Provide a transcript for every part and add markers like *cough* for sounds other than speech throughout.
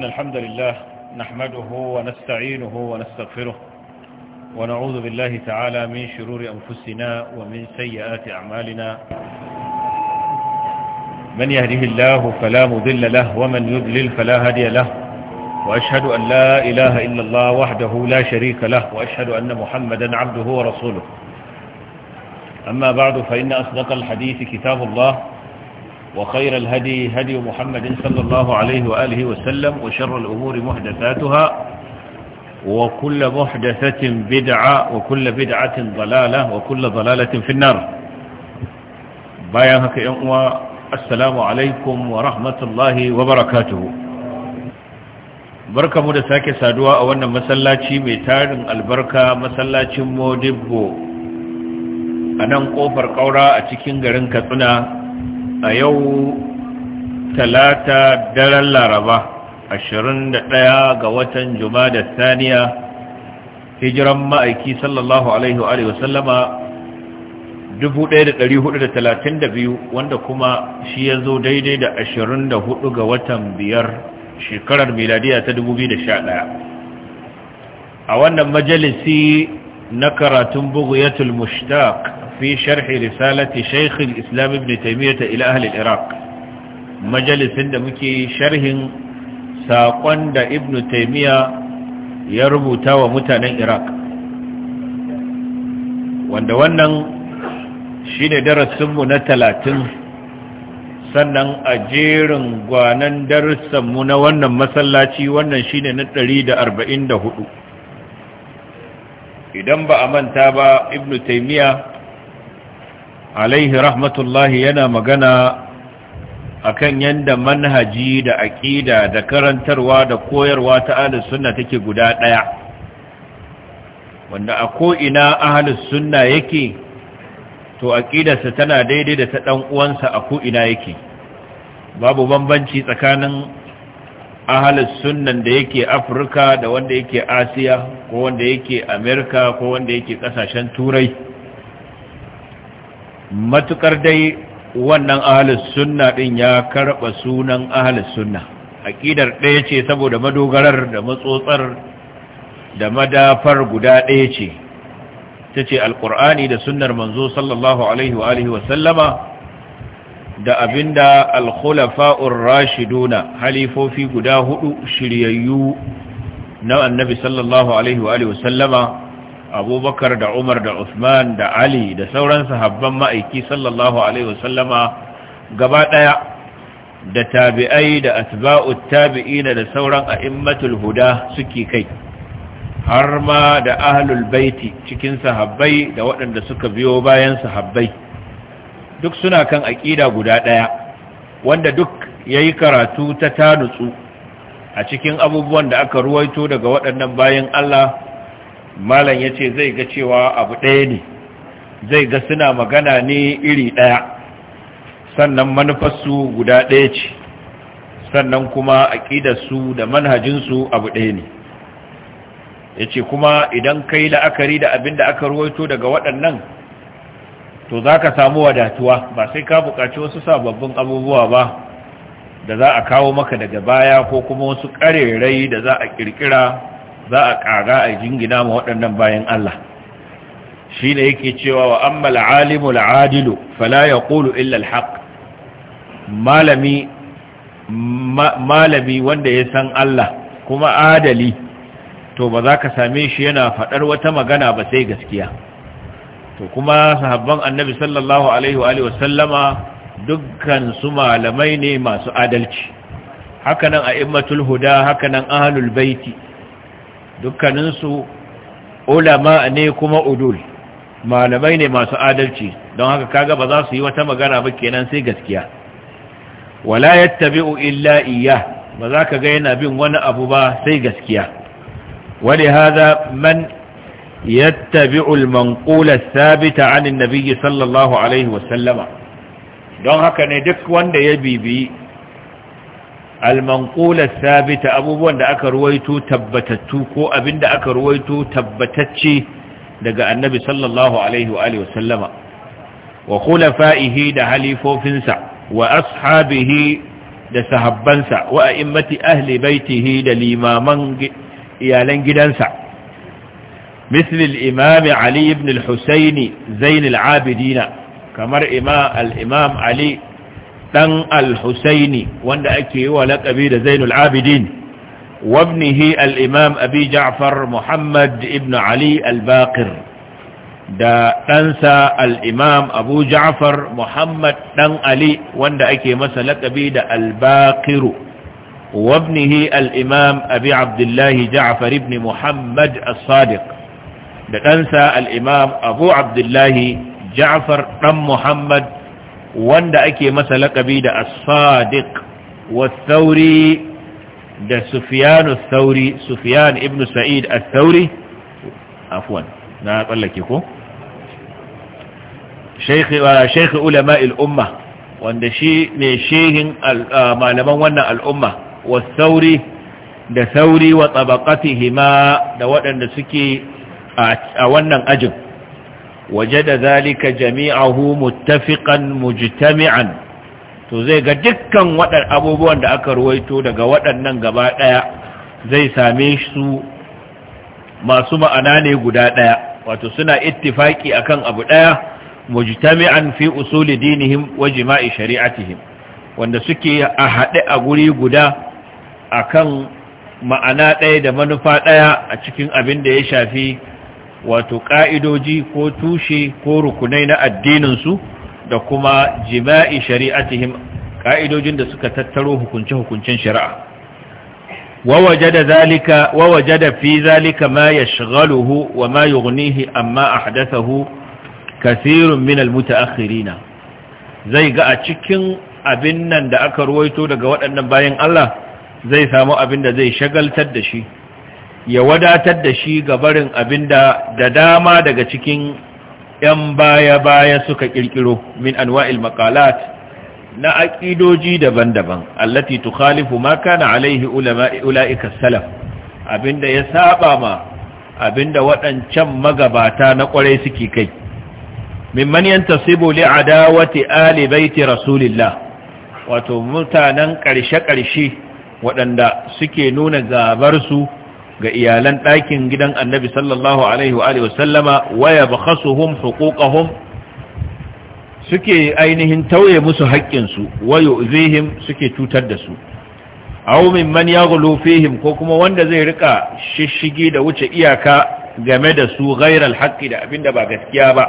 إن الحمد لله نحمده ونستعينه ونستغفره ونعوذ بالله تعالى من شرور أنفسنا ومن سيئات أعمالنا من يهده الله فلا مذل له ومن يذلل فلا هدي له وأشهد أن لا إله إلا الله وحده لا شريك له وأشهد أن محمدا عبده ورسوله أما بعد فإن أصدق الحديث كتاب الله وخير الهدي هدي محمد صلى الله عليه وآله وسلم وشر الأمور محدثاتها وكل محدثة بدعة وكل بدعة ضلالة وكل ضلالة في النار بايهك يوم السلام عليكم ورحمة الله وبركاته بركة مدساك سادوا أولا مسلاتي ميتان البركة مسلاتي مودبو أنا مقوفر قورا أتكين غرنك تنا a yau talata daren laraba 21 ga watan da saniya hijiran ma'aiki sallallahu alaihi wa sallama 1432 wanda kuma shi ya zo daidai da 24 ga watan biyar shekarar miladiya ta 2011 a wannan majalisi na karatun bugu ya mushtaq في شرح رسالة شيخ الإسلام ابن تيمية إلى أهل العراق مجلس دمكي شرح ساقوان دا ابن تيمية يربط ومتن العراق واندوانا شين درسم نتلاتن sannan a jerin gwanan darussanmu na wannan masallaci wannan shine na 144 idan ba a manta ba ibnu taimiya alaihi rahmatullahi yana magana akan yanda manhaji da aƙida da karantarwa da koyarwa ta ahlus sunna take guda ɗaya wanda a ko'ina ahlus sunna yake to aƙidarsa tana daidai da ta ɗan uwansa a ko'ina yake babu bambanci tsakanin ahlus sunnan da yake afirka da wanda yake asiya ko wanda yake amerika ko wanda yake ƙasashen turai matukar dai wannan ahalus sunna din ya karba sunan ahalus sunna aqidar ɗaya ce saboda madogarar da matsotsar da madafar guda ɗaya ce tace alqur'ani da sunnar manzo sallallahu alaihi wa alihi wa sallama da abinda alkhulafa'ur rashiduna halifofi guda hudu shiryayyu na annabi sallallahu alaihi wa alihi wa sallama abubakar da umar da usman da ali da sauran sahabban ma'aiki sallallahu alaihi wasallama gaba ɗaya da tabi'ai da asba'u tabi'ina da sauran a'immatul huda suke kai har ma da ahlul baiti cikin sahabbai da waɗanda suka biyo bayan sahabbai duk suna kan aƙida guda ɗaya wanda duk yayi karatu ta tanutsu a cikin abubuwan da aka ruwaito daga waɗannan bayan Allah malam ya ce zai ga cewa abu ɗaya ne zai ga suna magana ne iri ɗaya sannan manufarsu guda ɗaya ce sannan kuma aƙidarsu da manhajinsu abu ɗaya ne ya ce kuma idan ka yi la'akari da abin da aka ruwaito daga waɗannan to za ka samu wadatuwa ba sai ka buƙaci wasu sababbin abubuwa ba da za a kawo maka daga baya ko kuma wasu ƙarerai da za a ƙirƙira za a ƙara a jingina ma waɗannan bayan Allah shi ne yake cewa wa amma al'alimu al'adilu fala ya ƙulu illa haƙ. malami wanda ya san Allah kuma adali to ba za ka same shi yana faɗar wata magana ba sai gaskiya to kuma sahabban annabi sallallahu alaihi wa sallama dukkan su malamai ne masu adalci hakanan a immatul huda hakanan ahlul baiti dukkaninsu ulama ne kuma udul malamai ne masu adalci don haka kaga ba za su yi wata magana ba kenan sai gaskiya wala yattabi'u illa iyya. ba za ka ga yana bin wani abu ba sai gaskiya wani hada man yattabi'u al-manqula thabita 'an an-nabiy sallallahu alaihi wa sallama don haka ne duk wanda ya bibi almanqula sabita abubuwan da aka ruwaito tabbatattu ko abinda aka ruwaito tabbatacce daga annabi sallallahu alaihi wa alihi wasallama wa da halifofinsa wa ashabihi da sahabbansa wa a'immati ahli baitihi da limaman iyalan gidansa مثل الإمام علي بن al زين العابدين كمر al-imam علي dan al-husaini wanda ake yi wa laƙabi da zainul abidin wabnihi al'imam abi ja'far muhammad ibn ali al da ɗansa al'imam abu ja'far muhammad dan ali wanda ake masa laƙabi da al-baqiru wabnihi al-imam abi abdullahi ja'far ibn muhammad as-sadiq da ɗansa al'imam abu abdullahi ja'far dan muhammad wanda ake masa lakabi da as-sadiq was-sauri da Sufiyanu sauri sufyan ibn sa'id as-sauri afwan na tsallake ko shaykh uh, shaykh ulama al wanda shi ne shehin uh, malaman wannan al'umma was-sauri da sauri wa tabaqatihima da waɗanda suke a wannan ajin da zalika jami'ahu muttafiqan mujtami'an to zai ga dukkan waɗannan abubuwan da aka ruwaito daga waɗannan gaba ɗaya zai same su masu ma'ana ne guda ɗaya wato suna ittifaki akan abu ɗaya mujtami'an fi usuli dinihim wa jima'i shari'atihim wanda suke a haɗe a guri guda akan ma'ana ɗaya da manufa ɗaya a cikin abin da ya shafi wato ƙa'idoji ko tushe ko rukunai na addininsu da kuma jima'i shari'atihim ƙa'idojin da suka tattaro hukunce-hukuncen shari'a wa da fi zalika ma yashghaluhu wa ma yughnihi amma kasirun kathirun min almutaakhirina zai ga a cikin abin nan da aka ruwaito daga waɗannan bayan Allah zai samu abin da zai shagaltar da shi ya wadatar da shi ga barin abin da dama daga cikin 'yan baya-baya suka kirkiro min anwa'il maqalat na aƙidoji daban-daban allati tukhalifu ma kana alaihi ula'ika salaf Abin da ya saba ma abin da waɗancan magabata na ƙwarai suke kai mimman yantasibu li adawati ali baiti rasulillah wato mutanen ƙarshe-ƙarshe waɗanda suke nuna gabar su ga iyalan ɗakin gidan annabi sallallahu alaihi wa alihi wasallama waya bakhasuhum huquqahum suke ainihin tauye musu haƙƙinsu wayo zihim suke cutar da su aw mimman yaghlu fihim ko kuma wanda zai rika shishigi da wuce iyaka game da su ghairal haqqi da abinda ba gaskiya ba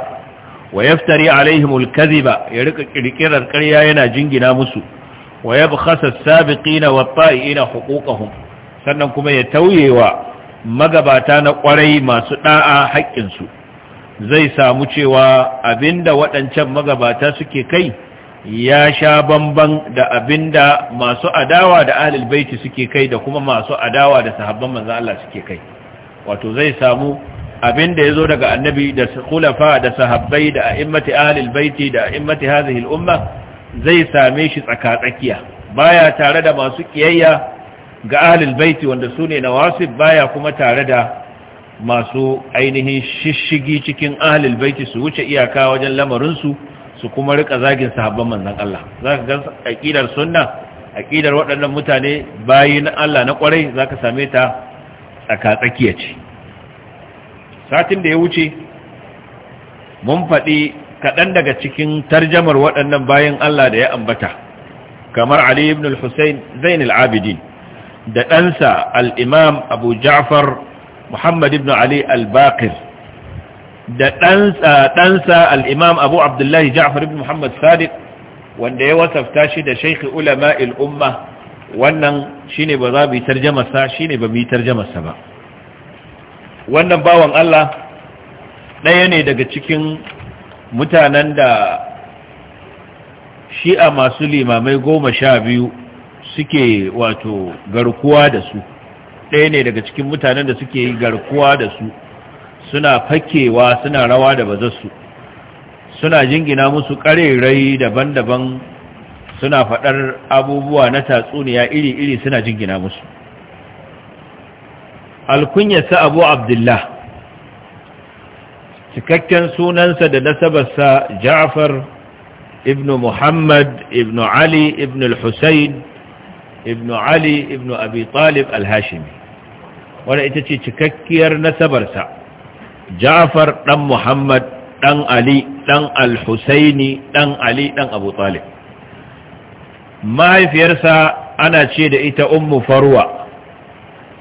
wa yaftari alaihim alkaziba ya rika kirkirar ƙarya yana jingina musu wa yabkhasa as-sabiqina wat-ta'iina huquqahum sannan kuma ya tauyewa magabata na kwarai masu da'a haƙƙinsu zai samu cewa abinda waɗancan magabata suke kai ya sha bamban da abinda masu adawa da ahlul baiti suke kai da kuma masu adawa da sahabban manzon Allah suke kai wato zai samu abinda yazo daga annabi da khulafa da sahabbai da a'immati ahlul baiti da a'immati hadhihi al zai same shi tsaka tsakiya baya tare da masu kiyayya ga ahlul baiti wanda su ne nawasib baya kuma tare da masu ainihin shishigi cikin ahlul baiti su wuce iyaka wajen lamarinsu su kuma rika zagin sahabban manzon Allah zaka ga aqidar sunna aqidar waɗannan mutane bayi na Allah na kwarai zaka same ta tsaka tsakiya ce satin da ya wuce mun faɗi kaɗan daga cikin tarjamar waɗannan bayan Allah da ya ambata kamar Ali ibn al-Husayn Zainul Abidin da ɗansa al'imam abu ja'far muhammad ibn ali al-baqir da ɗansa al'imam abu abdullahi ja'far ibn muhammad sadiq wanda ya wasafta shi da shaikhi ulama il'umma. wannan shi ne ba za mu yi tarjamasa shi ne ba mu yi tarjamasa ba wannan bawan Allah ɗaya ne daga cikin mutanen da shi'a masu limamai goma sha biyu suke wato garkuwa da su ɗaya ne daga cikin mutanen da suke yi garkuwa da su suna fakewa suna rawa da bazarsu suna jingina musu ƙarerai daban-daban suna faɗar abubuwa na tatsuniya iri-iri suna jingina musu alkunyarsa abu abdullah cikakken sunansa da nasabarsa ja'far ibn muhammad ibn ali ibn al-husayn ibn ali ibn abi talib al-hashimi wadda ita ce cikakkiyar nasabarsa ja'far dan muhammad dan ali dan al-husaini dan ali dan abu talib mahaifiyarsa ana ce da ita ummu farwa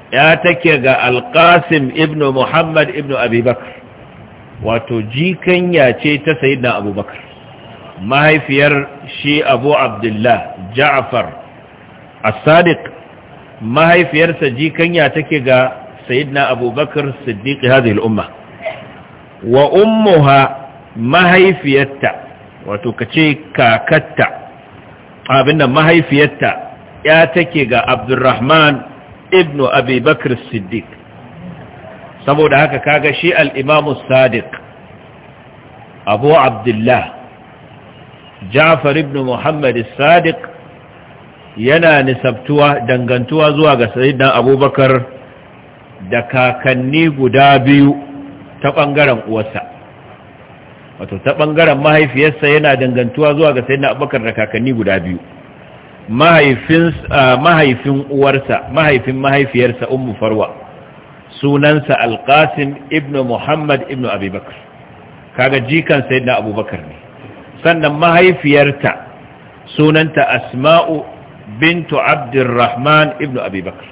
ya take ga al-qasim ibn muhammad ibn abi bakr wato jikanya ce ta sayyidina bakr mahaifiyar shi abu abdullah ja'far as-sadiq mahaifiyarsa jikanya take ga sayyidina abubakar siddiq hadhihi al-umma wa ummuha mahaifiyarta wato kace kakatta abinda mahaifiyarta ya take ga abdurrahman ibn abubakar siddiq saboda haka kaga shi al-imam sadiq abu abdullah ja'far ibn muhammad sadiq yana nisabtuwa dangantuwa zuwa ga sayyidina abubakar da kakanni guda biyu ta ɓangaren uwarsa wato ta ɓangaren mahaifiyarsa yana dangantuwa zuwa ga sayyidina abubakar da kakanni guda biyu mahaifin uwarsa mahaifin mahaifiyarsa ummu farwa sunansa alqasim ibnu muhammad ibnu abubakar kaga jikan sayyidina abubakar ne sannan mahaifiyarta sunanta asma'u bintu abdurrahman ibn abubakar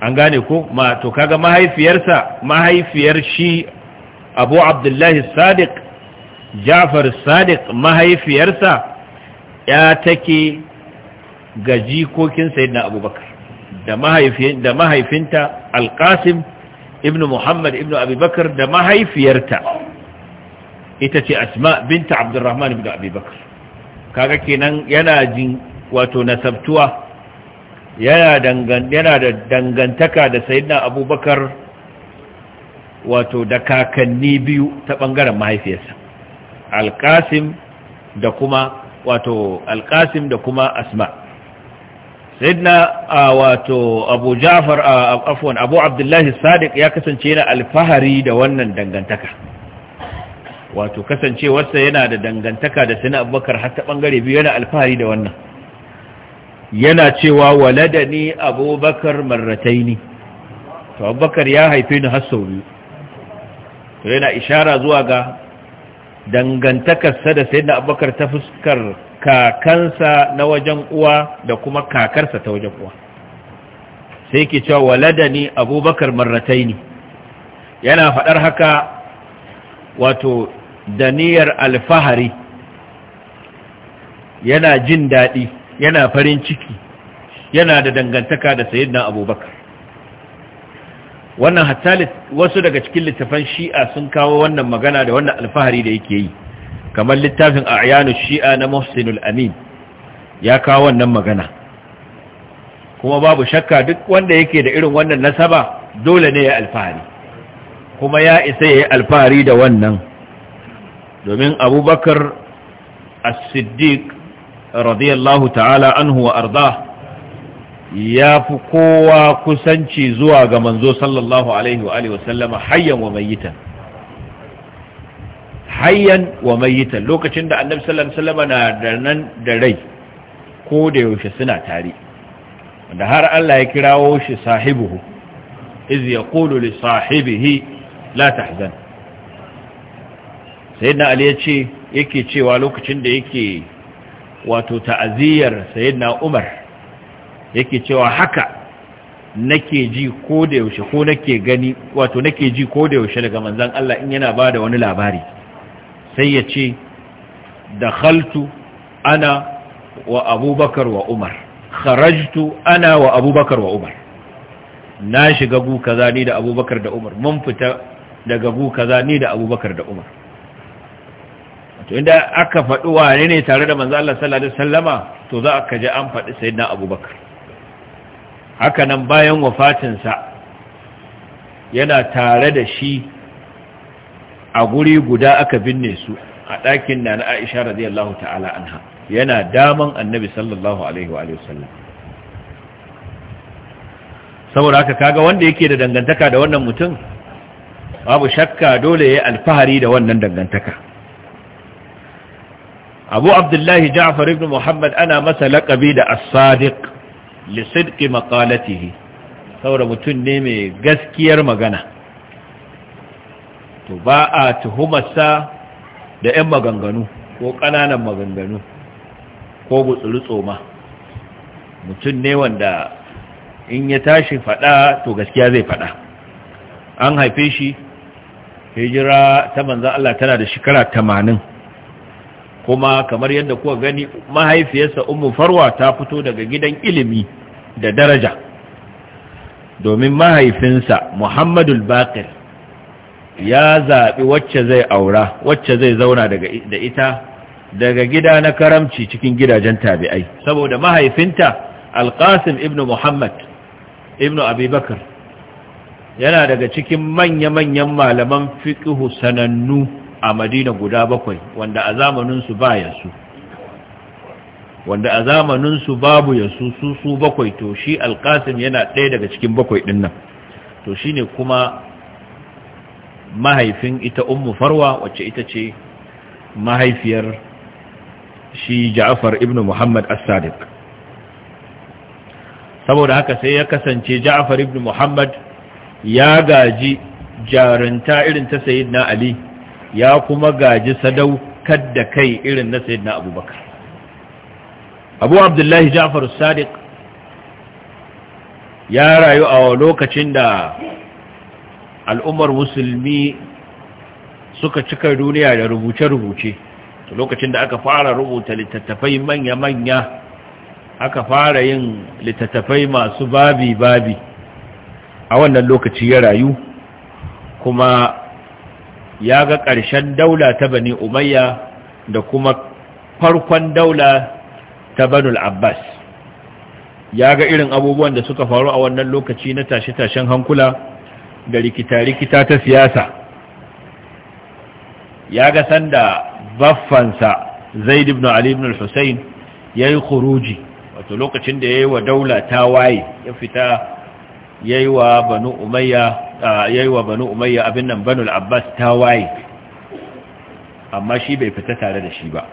an gane ku? ma to kaga mahaifiyarsa mahaifiyar shi abu abdullahi sadiq jafar sadiq mahaifiyarsa ya take ga jikokin sayyidina abubakar da da mahaifinta alqasim ibn muhammad ibn abubakar da mahaifiyarta ita ce asma binta abdurrahman ibn abubakar kaga kenan yana jin wato nasabtuwa yana da dangantaka da sayidina abubakar wato da kakanni biyu ta ɓangaren mahaifiyarsa alƙasim da kuma wato alƙasim da kuma asma sayidina wato abu jafar afwan abu abdullahi sadiq ya kasance yana alfahari da wannan dangantaka wato kasancewarsa yana da dangantaka da sayidina abubakar har ta ɓangare biyu yana alfahari da wannan yana cewa walada ni abubakar marrataini to abubakar ya haife ni har to yana ishara zuwa ga dangantakarsa da sayyidina abubakar ta fuskar kakansa na wajen uwa da kuma kakarsa ta wajen uwa sai ke cewa ni abubakar marrataini yana faɗar haka wato daniyar alfahari yana jin daɗi yana farin ciki yana da dangantaka da sayyidina abubakar wannan hatta wasu daga cikin littafan shi'a sun kawo wannan magana da wannan alfahari da yake yi kamar littafin a'yanu shi'a na muhsinul amin ya kawo wannan magana kuma babu shakka duk wanda yake da irin wannan nasaba dole ne ya alfahari kuma ya isa ya yi alfahari da wannan domin abubakar as-siddiq radiyallahu ta'ala anhu wa arda ya fi kowa kusanci zuwa ga manzo sallallahu alaihi wa alihi hayyan wa hayyan wa lokacin da annabi sallallahu alaihi na da nan da rai ko da yaushe suna tare wanda har Allah ya kirawo shi sahibuhu iz yaqulu li sahibihi la tahzan sayyidina ali yace yake cewa lokacin da yake wato ta'aziyar sayyidina Umar yake cewa haka nake ji ko da yaushe ko nake gani wato nake ji ko da yaushe daga manzon Allah in yana bada wani labari sai ya ce dakhaltu ana wa abubakar wa umar kharajtu ana wa abubakar wa umar na shiga gu kaza ni da abubakar da umar mun fita daga gu kaza ni da abubakar da umar to inda aka faɗi wane ne tare da manzo Allah sallallahu alaihi wasallama to za ka ji an faɗi sayyidina abubakar haka nan bayan sa yana tare da shi a guri guda aka binne su a ɗakin nana aisha radiyallahu ta'ala anha yana daman annabi sallallahu alaihi wa sallam saboda haka kaga wanda yake da dangantaka da wannan mutum babu shakka dole ya alfahari da wannan dangantaka abu abdullahi ja'far ibn muhammad ana masa lakabi da as-sadiq li sidqi maqalatihi saboda mutum ne mai gaskiyar magana to ba a tuhumarsa da 'yan maganganu ko ƙananan maganganu ko gutsuru mutum ne wanda in ya tashi faɗa to gaskiya zai faɗa an haife shi hijira ta manzan Allah tana da shekara tamanin kuma kamar yadda kuka gani mahaifiyarsa Umu farwa ta fito daga gidan ilimi da daraja domin mahaifinsa muhammadul bakir ya zaɓi wacce zai aura wacce zai zauna da ita daga gida na karamci cikin gidajen tabi'ai saboda mahaifinta alƙasim ibn muhammad ibn abubakar yana daga cikin manya-manyan malaman fiƙihu sanannu a madina guda bakwai wanda a zamaninsu ba su wanda a zamaninsu babu yansu, su su bakwai to shi alkasim yana ɗaya daga cikin bakwai ɗin nan to shi ne kuma mahaifin ita ummu farwa wacce ita ce mahaifiyar shi ja'afar ibn muhammad as-sadiq saboda haka sai ya kasance ja'afar ibn muhammad ya gaji jarinta irin ta na ali ya kuma gaji sadaukar da kai irin na sayyidina abubakar abu abdullahi ja'far sadiq ya rayu a lokacin da al'ummar musulmi suka cika duniya da rubuce-rubuce lokacin da aka fara rubuta littattafai manya-manya aka fara yin littattafai masu babi-babi a wannan lokaci ya rayu kuma ya ga ƙarshen daula ta bani umayya da kuma farkon daula ta banul abbas ya ga irin abubuwan da suka faru a wannan lokaci na tashe-tashen hankula da rikita-rikita ta siyasa ya ga sanda baffansa zaid ibn ali ibn al ya yi khuruji wato lokacin da ya yi wa daula ta waye ya fita ya yi wa banu umayya yayi wa banu umayya abin nan banu al-abbas waye. amma shi bai fita tare da shi ba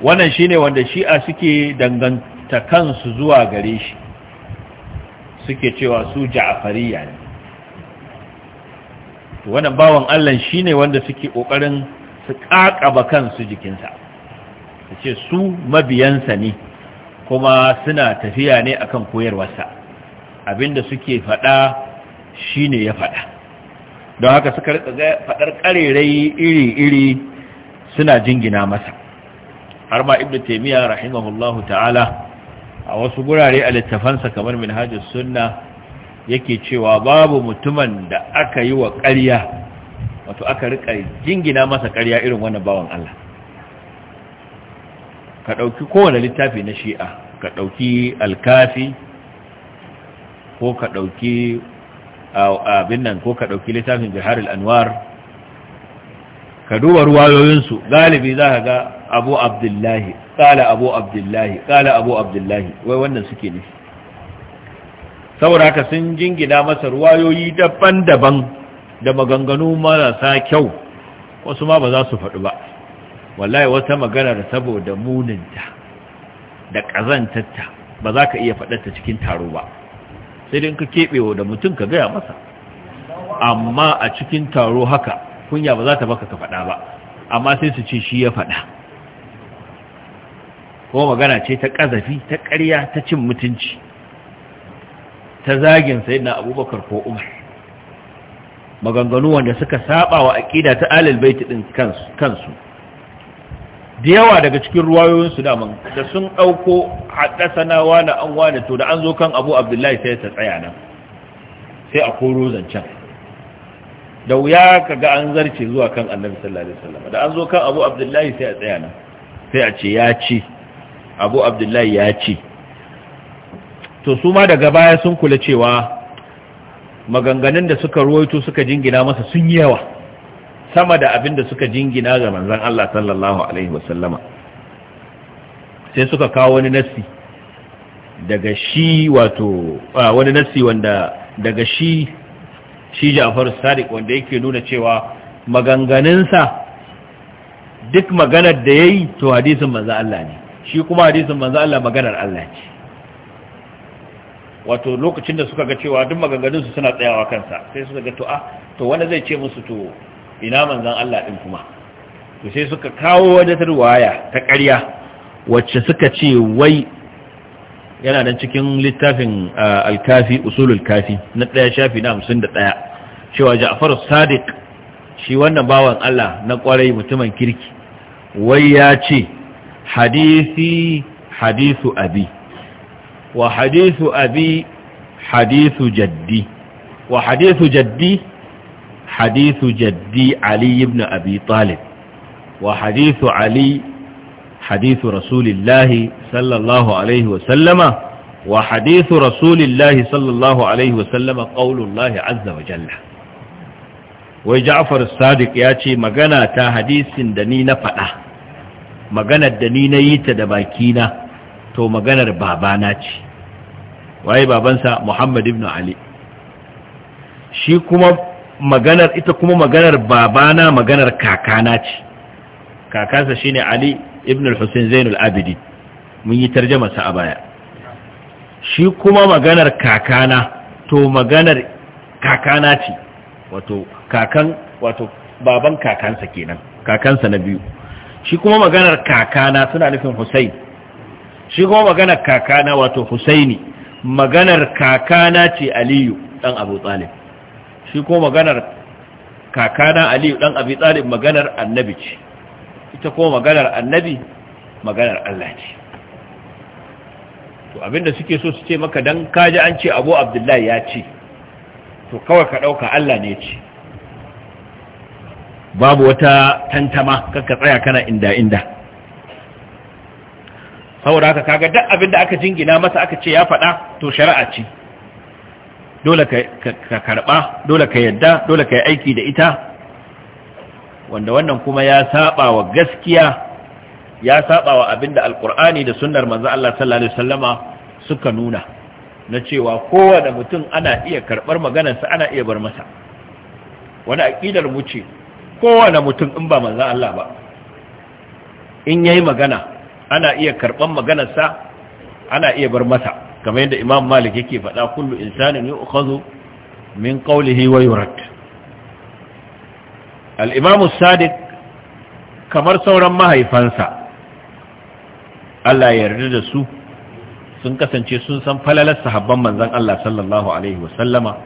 wannan shine wanda shi'a suke danganta kansu zuwa gare shi suke cewa su ja'afariya ne wannan bawan Allah shine wanda suke ƙoƙarin su ƙaƙaba kansu jikinsa ce su mabiyansa ne kuma suna tafiya ne akan koyarwarsa abinda suke faɗa Shi ne ya faɗa don haka suka rika faɗar ƙarerai iri-iri suna jingina masa har ma ibnu taimiyya rahimahullahu ta'ala a wasu gurare a littafansa kamar minhajus sunna yake cewa babu mutumin da aka yi wa ƙarya wato aka rika jingina masa ƙarya irin wannan bawan Allah ka ɗauki kowane littafi na shi'a ka ɗauki alkafi ko ka ɗauki abin nan ko ka ɗauki littafin biharul anwar ka duba ruwayoyinsu galibi za ka ga abu abdullahi Kala abu abdullahi Kala abu abdullahi wai wannan suke ne Saura ka sun jingina masa ruwayoyi daban-daban da maganganu marasa kyau wasu ma ba za su faɗi ba wallahi wata maganar saboda muninta da ƙazantarta ba za ka iya faɗarta cikin taro ba sai dai ka wa da mutum ka gaya masa amma a cikin taro haka kunya ba za ta baka ka faɗa ba amma sai su ce shi ya faɗa kuma magana ce ta ƙazafi ta ƙarya ta cin mutunci ta zagin sai na abubakar ko umar maganganu wanda suka saba wa aƙida ta alil baiti ɗin kansu da yawa daga cikin ruwayoyinsu daman da sun ɗauko na wani an wani to da an zo kan abu abdullahi sai ta tsaya nan sai a koro zancen da wuya ka ga an zarce zuwa kan annabi sallallahu alaihi wasallam da an zo kan abu abdullahi sai a tsaya nan sai a ce ya ce abu abdullahi ya ce to su ma daga baya sun kula cewa maganganun da suka ruwaito suka jingina masa sun yi yawa sama da abin da suka jingina ga manzon Allah sallallahu alaihi wasallama sai suka kawo wani nassi daga shi wato wani nassi wanda daga shi shi Ja'far Sadiq wanda yake nuna cewa maganganunsa duk maganar da yayi to hadisin manzon Allah ne shi kuma hadisin manzon Allah maganar Allah ce wato lokacin da suka ga cewa duk maganganunsu suna tsayawa kansa sai suka ga to a ah, to wanda zai ce musu to ina manzan Allah ɗin kuma to sai suka kawo wata riwaya ta ƙarya wacce suka ce wai yana nan cikin littafin uh, alkafi usulul kafi na ɗaya shafi na hamsin da ɗaya cewa ja'far sadiq shi wannan bawan Allah na ƙwarai mutumin kirki wai ya ce hadisi hadisu abi wa hadisu abi hadisu jaddi wa hadisu jaddi hadithu jaddi Ali ibn Abi Talib wa hadithu Ali hadithu Rasulillahi sallallahu alaihi wa sallama wa hadithu Rasulillahi sallallahu alaihi wa sallama qaulullahi azza wa jalla wai Ja'far Sadiq ya ce magana ta hadisin da ni na faɗa maganar da ni nayi ta da bakina to maganar babana ce waye babansa Muhammad ibn Ali shi kuma maganar ita kuma maganar babana maganar kakana ce kakansa shine Ali ibn al-Husayn Zainul Abidi mun yi sa a baya shi kuma maganar kakana to maganar kakana ce wato kakan wato baban kakansa kenan kakansa na biyu shi kuma maganar kakana suna nufin Husayn shi kuma maganar kakana wato Husayni maganar kakana ce Aliyu dan Abu Talib shi ko maganar kakana aliyu dan abi talib maganar annabi ce ita ko maganar annabi maganar Allah ce to abinda suke so su ce maka dan kaji an ce abu abdullahi ya ce to kawai ka dauka Allah ne ce babu wata tantama kanka tsaya kana inda inda saboda haka kaga duk abinda aka jingina masa aka ce ya faɗa to shari'a ce dole ka karba dole ka yadda dole ka yi aiki da ita wanda wannan kuma ya saba wa gaskiya ya saba wa abinda alkur'ani da sunnar manzo Allah sallallahu alaihi wasallama suka nuna na cewa kowane mutum ana iya karbar maganarsa ana iya bar masa wani aqidar mu ce kowanne mutum in ba manzo Allah ba in yayi magana ana iya karban maganarsa ana iya bar masa kamar yadda imam malik yake faɗa kullu insanin yi ukazu min qawlihi wa yurad al-imam sadiq kamar sauran mahaifansa Allah ya yarda da su sun kasance sun san falalar sahabban manzon Allah sallallahu alaihi wasallama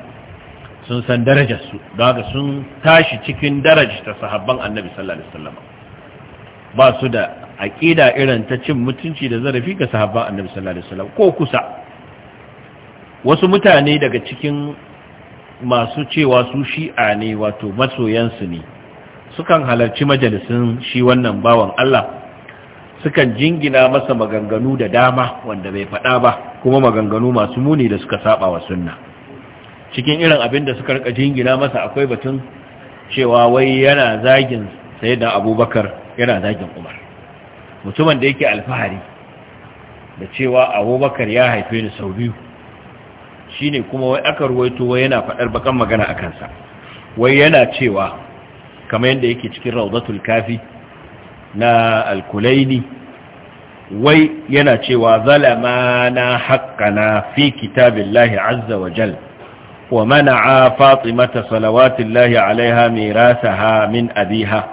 sun san darajarsu don haka sun tashi cikin ta sahabban annabi sallallahu alaihi wasallama ba su da aƙida irin ta cin mutunci da zarafi ga sahabban annabi sallallahu alaihi wasallam ko kusa wasu mutane daga cikin masu cewa su shi'a ne wato masoyansu ne sukan halarci majalisun shi wannan bawan Allah sukan jingina masa maganganu da dama wanda bai faɗa ba kuma maganganu masu muni da suka saba wa sunna cikin irin abin da suka rika jingina masa akwai batun cewa wai yana zagin sayyidina abubakar yana zagin umar mutumin da yake alfahari da cewa abubakar ya haife ni sau biyu Shi ne kuma wai aka ruwaito wai yana faɗar bakan magana a kansa wai yana cewa kamar yadda yake cikin raudatul kafi na alkulaini wai yana cewa zalama na haƙƙana fi kitabillahi azza wa jal wa mana'a fatimata salawatullahi alaiha ha min abiha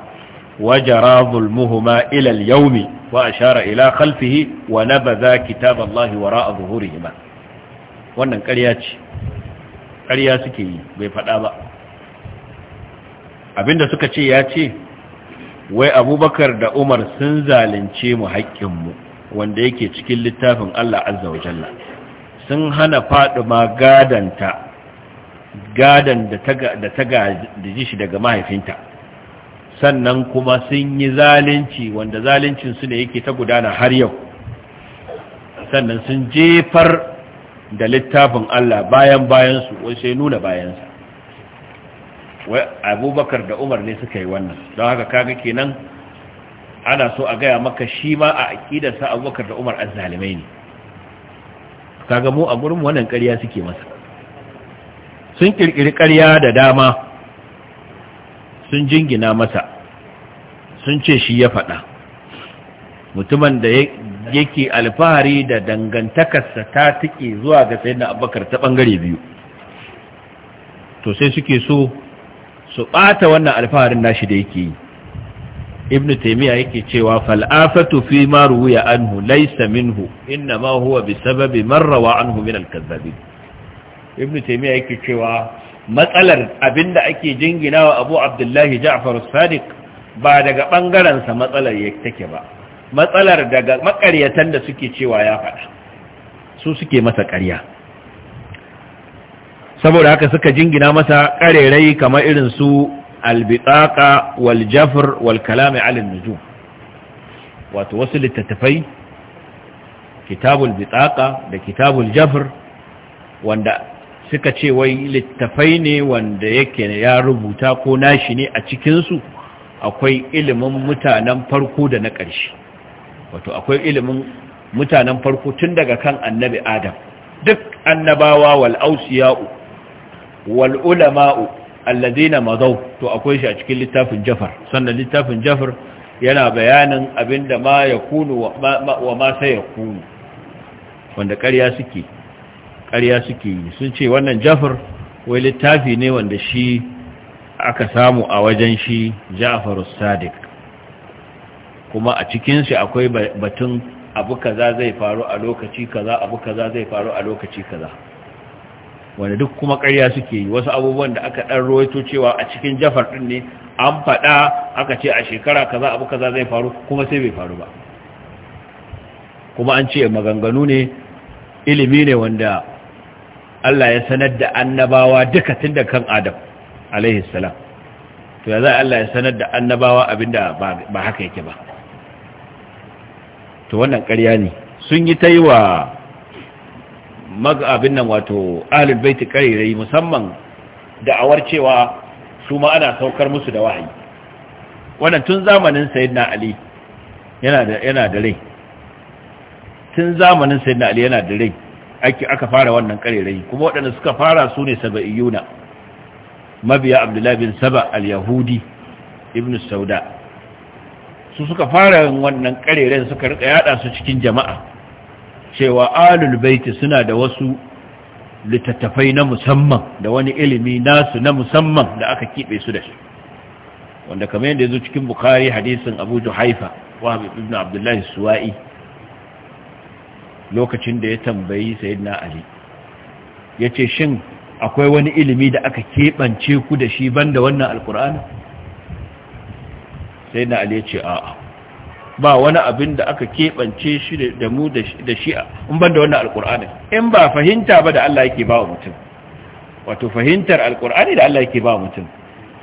وجرى ظلمهما إلى اليوم وأشار إلى خلفه ونبذا كتاب الله وراء ba. wannan ƙarya ce ƙarya suke yi bai faɗa ba abinda suka ce ya ce wai abubakar da umar sun zalunce mu haƙƙinmu wanda yake cikin littafin Allah azza wa jalla sun hana faɗuma gadanta gadan da ta gaji shi daga mahaifinta sannan kuma sun yi zalunci wanda su ne yake ta gudana har yau sannan sun jefar da littafin Allah bayan bayansu wai sai nuna bayansa wai abubakar da umar ne suka yi wannan don haka kaga kenan ana so a gaya maka shi ma a aƙidarsa abubakar da umar azzalimai ne kaga mu a gurin wannan ƙarya suke masa sun ƙirƙiri ƙarya da dama sun jingina masa sun ce shi ya faɗa mutumin da ya yake alfahari da dangantakarsa ta tike zuwa ga sayyidina abubakar ta bangare biyu to sai suke so su bata wannan alfaharin nashi da yake yi ibn taymiya yake cewa fal'afatu fi ma ruwiya anhu laysa minhu inma huwa bisababi man rawa anhu min al-kazzabin ibn taymiya yake cewa matsalar abinda ake jinginawa abu abdullahi ja'far as-sadiq ba daga bangaren sa matsalar yake take ba matsalar daga makaryatan da suke cewa ya faɗa su suke masa ƙarya saboda haka suka jingina masa ƙarerai kamar irin su albitaka waljafir walkalami alin nujum wato wasu littattafai kitabul bitsaka da kitabul jafir wanda suka ce wai littafai ne wanda yake ya rubuta ko nashi ne a cikinsu akwai ilimin mutanen farko da na ƙarshe wato akwai ilimin mutanen farko tun daga kan annabi adam duk annabawa wal ausiya'u wal ulama'u madaw to akwai shi a cikin littafin jafar sannan littafin jafar yana bayanin abinda ma ya kunu wa ma sai kunu, wanda ƙarya suke ƙarya suke yi sun ce wannan jafar wai littafi ne wanda shi aka samu a wajen shi ja'farus sadiq kuma a cikinsu akwai batun abu kaza zai faru a lokaci kaza abu kaza zai faru a lokaci kaza wanda duk kuma ƙarya suke yi wasu abubuwan da aka ɗan rawaito cewa a cikin jafar ɗin ne an faɗa aka ce a shekara kaza abu kaza zai faru kuma sai bai faru ba kuma an ce maganganu ne ilimi ne wanda Allah ya sanar da annabawa duka tun da kan Adam alaihi salam to ya za Allah ya sanar da annabawa abinda ba haka yake ba to wannan ƙarya ne sun yi ta yi wa abin nan wato ahalul baiti ƙarirai musamman da'awar cewa su ma ana saukar musu da wahayi wannan tun zamanin sayyidina ali yana da rai tun zamanin sayyidina ali yana da rai ake aka fara wannan ƙarirai kuma waɗanda suka fara su ne saba'iyuna mabiya abdullahi bin saba al-yahudi ibn sauda su suka fara yin wannan kareren suka rika yada su cikin jama'a cewa alul baiti suna da wasu littattafai na musamman da wani ilimi nasu na musamman da aka kibe su da shi wanda kamar yadda yazo cikin bukhari hadisin abu juhaifa wa ibn abdullah suwa'i lokacin da ya tambayi sayyidina ali yace shin akwai wani ilimi da aka kebance ku da shi banda wannan alqur'ani sai na ali ce a'a ba wani abin da aka keɓance shi da mu da shi in ban da wannan alƙur'ani in ba fahimta ba da Allah yake ba wa mutum wato fahimtar alƙur'ani da Allah yake ba wa mutum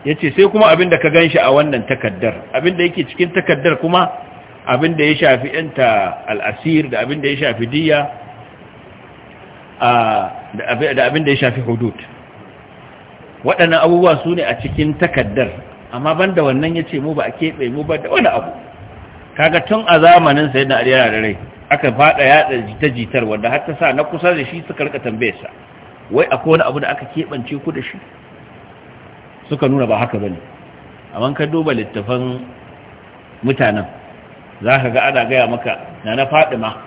ya ce sai kuma abin da ka gan shi a wannan takaddar abin da yake cikin takaddar kuma abin da ya shafi yanta al'asir da abin da ya shafi diya da abin da ya shafi hudud waɗannan abubuwa su ne a cikin takaddar amma banda wannan ya ce mu ba a keɓe mu ba da wani abu kaga tun a zamanin sai na ariyar da rai aka fada yada jita-jitar wanda har ta sa na kusa da shi suka rika tambaye sa wai akwai wani abu da aka keɓance ku da shi suka nuna ba haka bane amma ka duba littafan mutanen za ka ga ana gaya maka na na fadima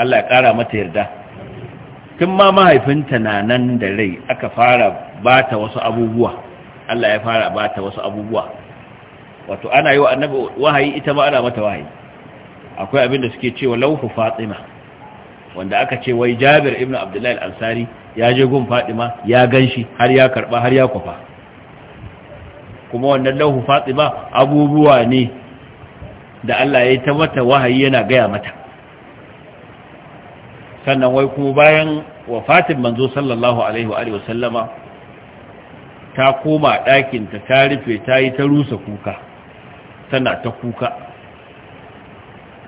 Allah ya ƙara mata yarda tun ma mahaifinta na nan da rai aka fara bata wasu abubuwa Allah ya fara ba ta wasu abubuwa wato ana yi wa annabi wahayi ita ma ana mata wahayi akwai abin da suke cewa lauhu fatima wanda aka ce wai jabir ibn abdullahi al-ansari ya je gun fatima ya ganshi har ya karba har ya kwafa kuma wannan lauhu fatima abubuwa ne da Allah ya yi ta mata wahayi yana gaya mata sannan wai kuma bayan wafatin manzo sallallahu alaihi wa alihi ta koma ɗakinta ta rufe ta yi ta rusa kuka tana ta kuka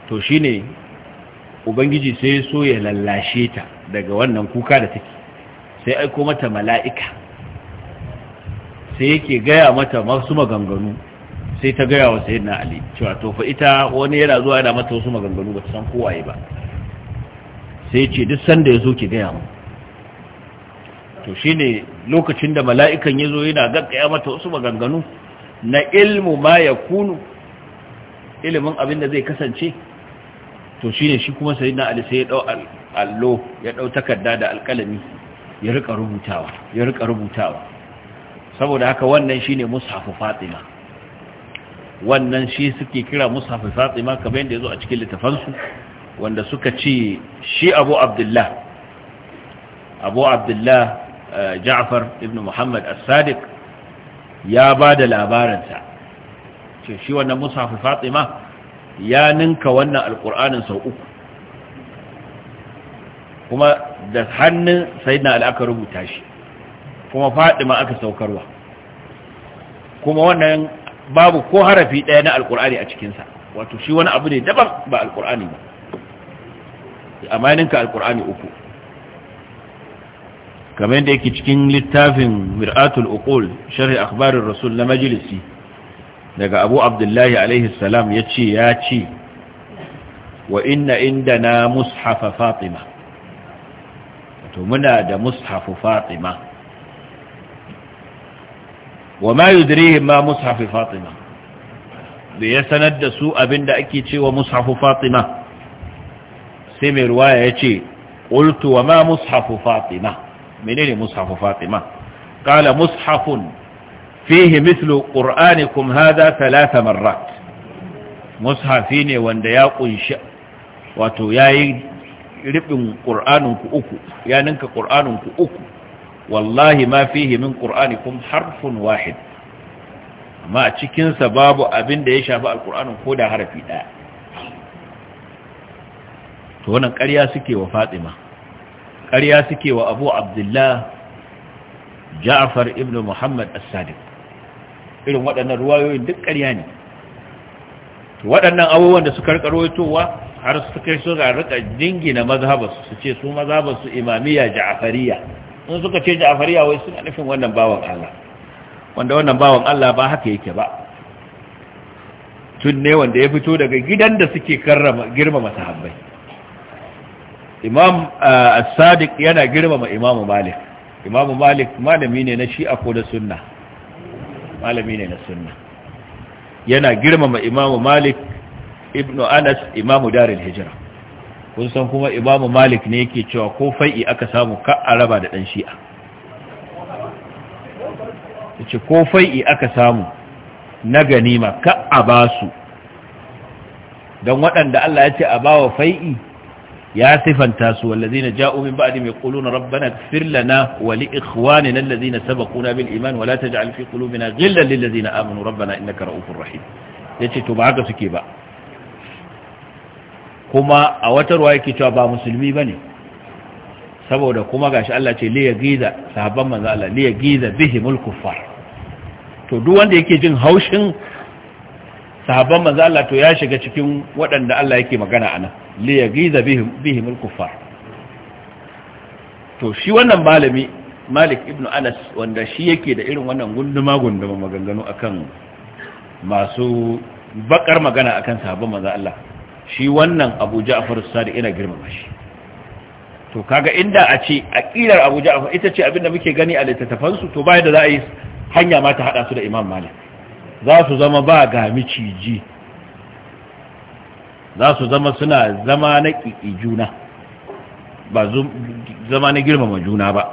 to shi ne ubangiji sai so ya lallashe ta daga wannan kuka da take sai aiko mata mala'ika sai yake gaya mata masu maganganu sai ta gaya wa sayi na ali cewa to fa ita wani yana zuwa yana mata wasu maganganu ba ta san kowaye ba sai ce duk sanda ya zo ki gaya mu to shi ne lokacin da mala'ikan ya zo yana gaggaya mata wasu maganganu na ilmu ma ya kunu ilimin abin da zai kasance to shi ne shi kuma sai na ali sai ya ɗau allo ya ɗau takarda da alƙalami ya riƙa rubutawa ya riƙa rubutawa saboda haka wannan shi ne musafi fatima wannan shi suke kira musafi fatima kamar yadda ya zo a cikin littafansu wanda suka ce shi abu abdullah abu abdullah ja'far ibn muhammad as-sadiq ya ba da labarinsa ce shi wannan musafi fatima ya ninka wannan alkur'anin sau uku kuma da hannun sayidina al'aka rubuta shi kuma fatima aka saukarwa kuma wannan babu ko harafi ɗaya na alkur'ani a cikinsa wato shi wani abu ne daban ba alkur'ani ba amma ninka alkur'ani uku kamar yadda yake cikin littafin mir'atul uqul sharhi akhbarir rasul na majalisi daga abu abdullahi alaihi salam ya ce ya ce wa inna inda na mushafa fatima to muna da mushafu fatima wa ma yudrihim ma mushafi fatima da ya sanar da su abinda ake cewa mushafu fatima sai mai ruwaya ya ce qultu wa ma mushafu fatima menene mushafu fatima Kala mushafun fihi mithlu qur'anikum hadha thalath marrat mushafi ne wanda ya kunshi wato yayi ribin qur'anin uku ya ninka qur'anin uku wallahi ma fihi min qur'anikum harfun wahid amma a cikin sa babu abin da ya shafi alqur'anin ko da harfi daya to wannan ƙarya suke wa fatima ƙarya suke wa abu abdullah ja'far ibn muhammad as-sadiq irin waɗannan ruwayoyin duk ƙarya ne waɗannan abubuwan da suka rika rawaitowa har su kai su ga rika jingina mazhabarsu su ce su mazhabarsu imamiyya ja'fariya in suka ce ja'fariya wai suna nufin wannan bawan Allah wanda wannan bawan Allah ba haka yake ba tun ne wanda ya fito daga gidan da suke karrama girmama sahabbai imam as-sadiq yana girmama imam malik imam malik malami ne na shi'a ko da sunna malami ne na sunna yana girmama imam malik ibn anas imam darul hijra kun san kuma imam malik ne yake cewa ko fai'i aka samu ka araba da dan shi'a yace ko fai'i aka samu na ganima ka abasu don waɗanda Allah ya ce a bawa fai'i ya sifanta su wallazina ja'u min ba'di yaquluna rabbana ighfir lana wa li ikhwanina saba sabaquna bil iman wa la taj'al fi qulubina ghillan lil ladzina amanu rabbana innaka ra'ufur rahim ce to ba haka suke ba kuma a wata ruwa yake cewa ba musulmi ba ne. saboda kuma gashi Allah ce li giza, sahabban manzo Allah li yagiza bihimul kuffar to duk wanda yake jin haushin sahabban manzo Allah to ya shiga cikin waɗanda Allah yake magana anan liyagiza bihim bihim al-kuffar to shi wannan malami Malik ibn Anas wanda shi yake da irin wannan gunduma gunduma maganganu akan masu bakar magana akan sahabban manzo Allah shi wannan Abu Ja'far as ina girmama shi to kaga inda a ce aqilar Abu Ja'far ita ce abinda muke gani a littafan su to bai da za a yi hanya ma ta hada su da Imam Malik za su zama ba ga miciji za su zama suna zama na ƙiƙi juna ba zama na girmama juna ba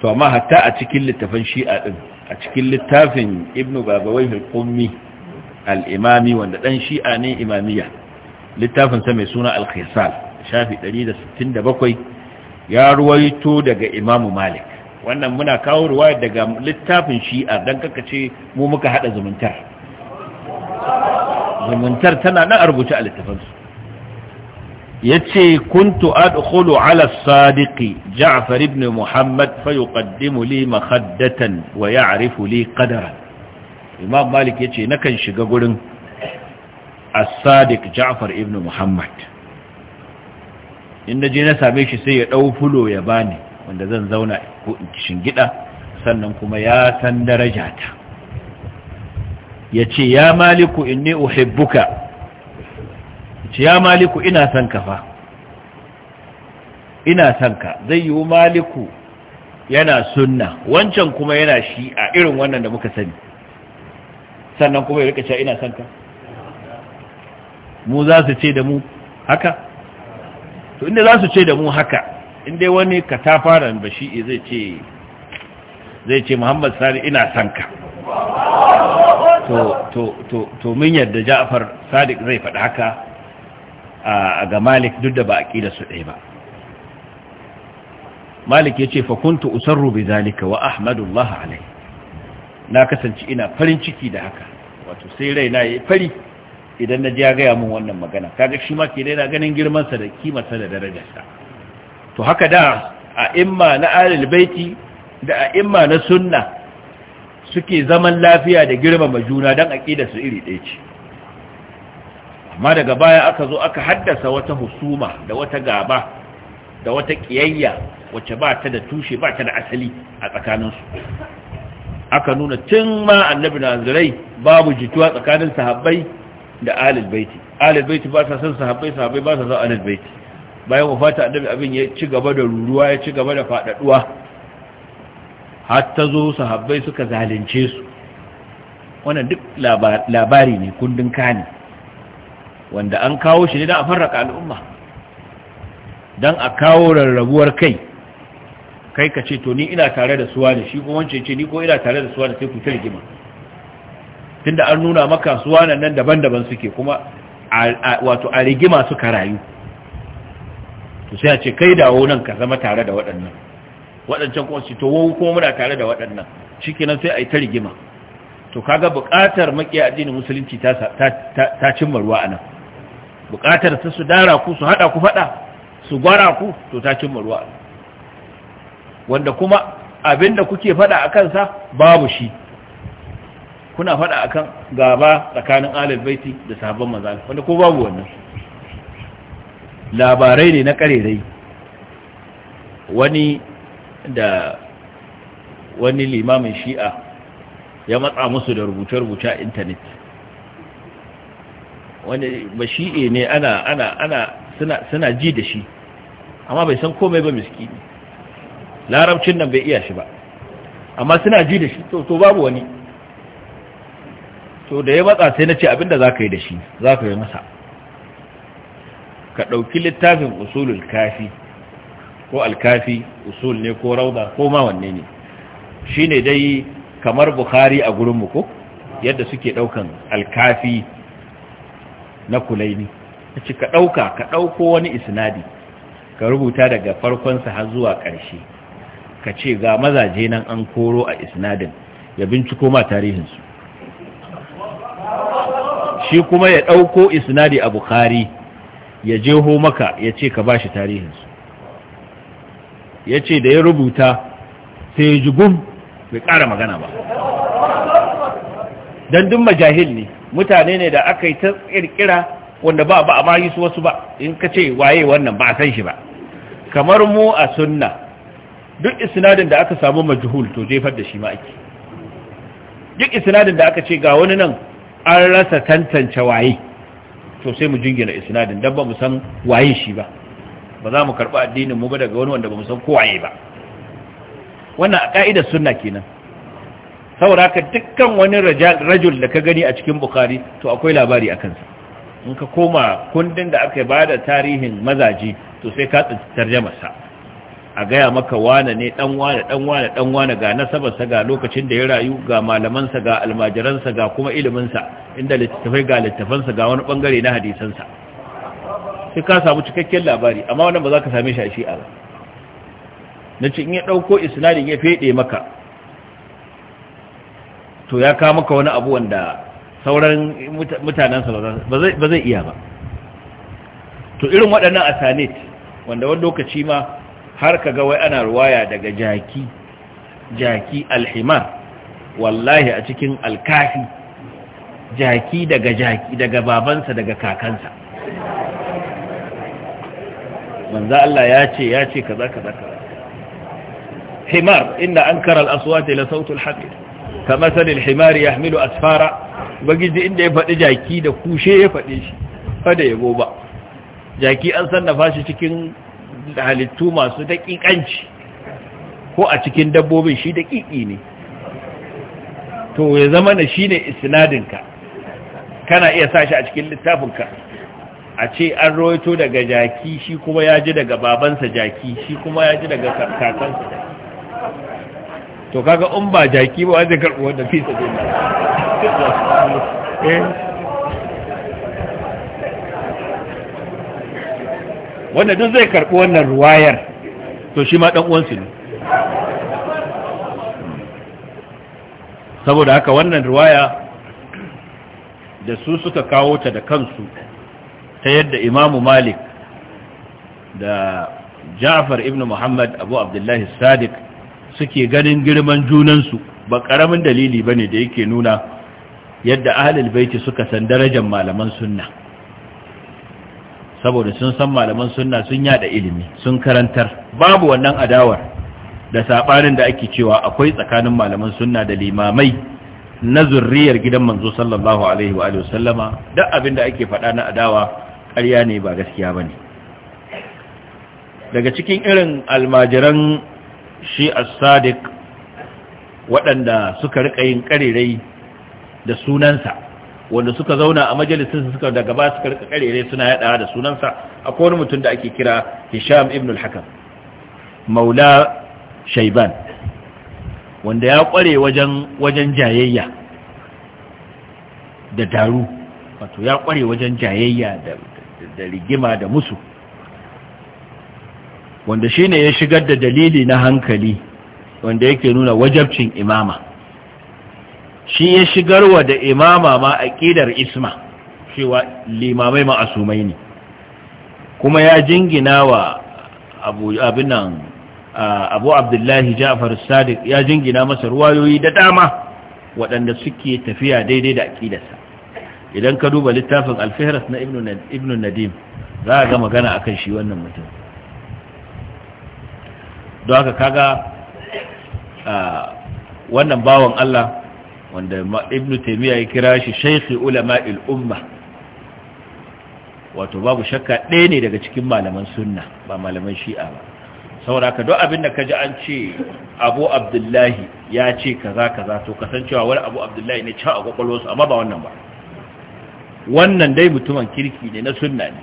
to amma hatta a cikin littafin shi'a din a cikin littafin ibnu babawai al-ummi al-imami wanda ɗan shi'a ne imamiya littafinsa mai suna al-khisal shafi 167 ya ruwaito daga Imamu malik wannan muna kawo ruwa daga littafin shi'a dan kaka ce mu muka haɗa zumuntar zumuntar tana nan a rubuce a littafansu ya ce kuntu adkhulu ala sadiqi ja'far ibn muhammad fa yuqaddimu li mahaddatan wa ya'rifu li qadara imam malik yace nakan shiga gurin asadik sadiq ja'far ibn muhammad inda je na same shi sai ya ɗau fulo ya bani wanda zan zauna ko in gida, sannan kuma ya san darajata ya ce ya maliku inni uhibbuka ce ya maliku ina son ka fa ina son ka zai yi maliku yana sunna wancan kuma yana shi a irin wannan da muka sani sannan kuma ya rika cewa ina son ka mu za su ce da mu haka to inda za su ce da mu haka inda wani ka ta fara bashi zai ce zai ce muhammad sani ina son ka to min yadda ja'afar sadiq zai faɗi haka a ga malik duk da ba a ƙi da su ɗaya ba malik ya ce fakuntu usarru bi zalika wa ahmadullah alai na kasance ina farin ciki da haka wato sai rai na ya fari idan na ji ya gaya mun wannan magana kaga shi ma ke daina ganin girmansa da kimarsa da darajarsa to haka da a imma na alil baiti da a imma na sunna suke zaman lafiya da girmama juna don aƙida su iri ɗaya ce amma daga baya aka zo aka haddasa wata husuma da wata gaba da wata ƙiyayya wacce ba ta da tushe ba ta da asali a tsakaninsu aka nuna tun ma annabi nazirai babu jituwa tsakanin sahabbai da alil baiti baiti ba sa san sahabbai sahabbai ba sa san alil baiti bayan wafata annabi abin ya ci gaba da ruruwa ya ci gaba da faɗaɗuwa Hatta ta zo sahabbai suka zalunce su wannan duk labari ne kundin kani wanda an kawo shi ne don a farraka al'umma don a kawo rarrabuwar kai kai ka ce to ni ina tare da suwa ne shi kuma wance ce ni ko ina tare da suwa ne sai ku ta rigima tunda an nuna maka suwa nan daban-daban suke kuma wato a rigima suka rayu to sai a ce kai dawo nan ka zama tare da waɗannan waɗancan kuma su to wau ko muna tare da waɗannan nan sai a yi ta rigima to kaga buƙatar maƙiya addinin musulunci ta cimma ruwa anan buƙatar ta su dara ku su haɗa ku faɗa su gwara ku to ta cimma ruwa wanda kuma abin da kuke faɗa a kansa babu shi kuna faɗa a kan gaba tsakanin alif baiti da sahabban maza wanda ko babu wannan labarai ne na ƙarerai wani da wani limamin shi'a ya matsa musu da rubuce-rubuce a intanet wani ba shi'e ne ana ana ana suna ji da shi amma bai san komai ba miski larabcin nan bai iya shi ba amma suna ji da shi to babu wani to da ya matsa sai na ce abinda za ka yi da shi za ka yi masa ka ɗauki littafin usulul kafi ko alkafi usul ne ko rauda ko ma wanne ne shine dai kamar bukhari a gurin mu ko yadda suke daukan alkafi na kulaini kace ka dauka ka dauko wani isnadi ka rubuta daga farkon sa har zuwa ƙarshe. ka ce ga mazaje nan an koro a isnadin ya binciko ma tarihinsu. shi kuma ya dauko isnadi a bukhari ya jeho maka ya ce ka bashi tarihinsu. ya ce da ya rubuta sai ya ji gum bai ƙara magana ba don dun majahil ne mutane ne da aka yi ta ƙirƙira wanda ba ba a su wasu ba in ka ce waye wannan ba a san shi ba kamar mu a sunna duk isnadin da aka samu majhul to jefar da shi ma ake duk isnadin da aka ce ga wani nan an rasa tantance waye to sai mu jingina isnadin dan ba mu san waye shi ba ba za mu karɓi addinin mu ba daga wani wanda ba mu san kowaye ba wannan a ka'idar sunna kenan saboda haka dukkan wani rajul da ka gani a cikin bukari to akwai labari a kansa in ka koma kundin da aka ba da tarihin mazaji to sai ka da sa a gaya maka wane ne dan wane dan wane dan wane ga nasabarsa ga lokacin da ya rayu ga malamansa ga almajiransa ga kuma iliminsa inda littattafai ga littafansa ga wani bangare na hadisansa sai ka samu cikakken labari amma wannan ba za ka same shi a shi'a ba na ce in ya ɗauko isnadin ya feɗe maka to ya kawo maka wani abu wanda sauran sauran ba zai iya ba to irin waɗannan asanit wanda wani lokaci ma har ka ga wai ana ruwaya daga jaki jaki alhimar wallahi a cikin alkafi jaki daga jaki daga babansa daga kakansa manza Allah ya ce ya ce kaza kaza himar inda ankara al-aswat ila sautul al Ka kama himar ya hamilu asfara bagiji inda ya faɗi jaki da kushe ya faɗi shi fada ya ba jaki an sannafa shi cikin halittu masu daƙiƙanci ko a cikin dabbobin shi daƙiƙi ne to ya zama na shi ne kana iya sa shi a cikin littafinka a ce an rawaito daga jaki shi kuma ya ji daga babansa jaki shi kuma ya ji daga kakansa to kaga in ba jaki ba wanda karɓi wanda fi sa eh. wanda duk zai karɓi wannan ruwayar to shi ma uwansu ne saboda haka wannan ruwaya da su suka kawo ta da kansu ta yadda imamu malik da ja'far ibn muhammad abu abdullahi sadiq suke ganin girman junansu ba karamin dalili ba ne da yake nuna yadda ahalil baiti suka san darajar malaman sunna saboda sun san malaman sunna sun yada ilimi sun karantar babu wannan adawar da saɓanin da ake cewa akwai tsakanin malaman sunna da limamai na zurriyar gidan manzo sallallahu alaihi wa sallama duk abin da ake faɗa na adawa ƙarya ne ba gaskiya ba ne daga cikin irin almajiran shi sadiq waɗanda suka riƙa yin ƙarirai da sunansa wanda suka zauna a majalisun suka daga ba suka riƙa ƙarirai suna yaɗa da sunansa akwai wani mutum da ake kira hisham ibn al-hakam maula shaiban wanda ya ƙware wajen wajen jayayya da daru wato ya ƙware wajen jayayya da da rigima da musu wanda shine ya shigar da dalili na hankali wanda yake nuna wajabcin imama shi ya shigarwa da imama ma aqidar isma cewa limamai ma'asumai ne kuma ya jingina wa abu abdullahi ja'far sadiq ya jingina masa ruwayoyi da dama waɗanda suke tafiya daidai da aqidarsa idan ka duba littafin alfihras na ibn nadim za a ga magana a kan shi wannan mutum don haka kaga wannan bawan Allah wanda ibn taimiyya ya kira shi shaikhi ulama il'umma", wato babu shakka ɗaya ne daga cikin malaman sunna ba malaman shi'a ba saboda ka don abin da ka ji an ce abu abdullahi ya ce kaza kaza to kasancewa wani abu abdullahi ne can a kwakwalwarsu amma ba wannan ba wannan dai mutumin kirki ne na sunna ne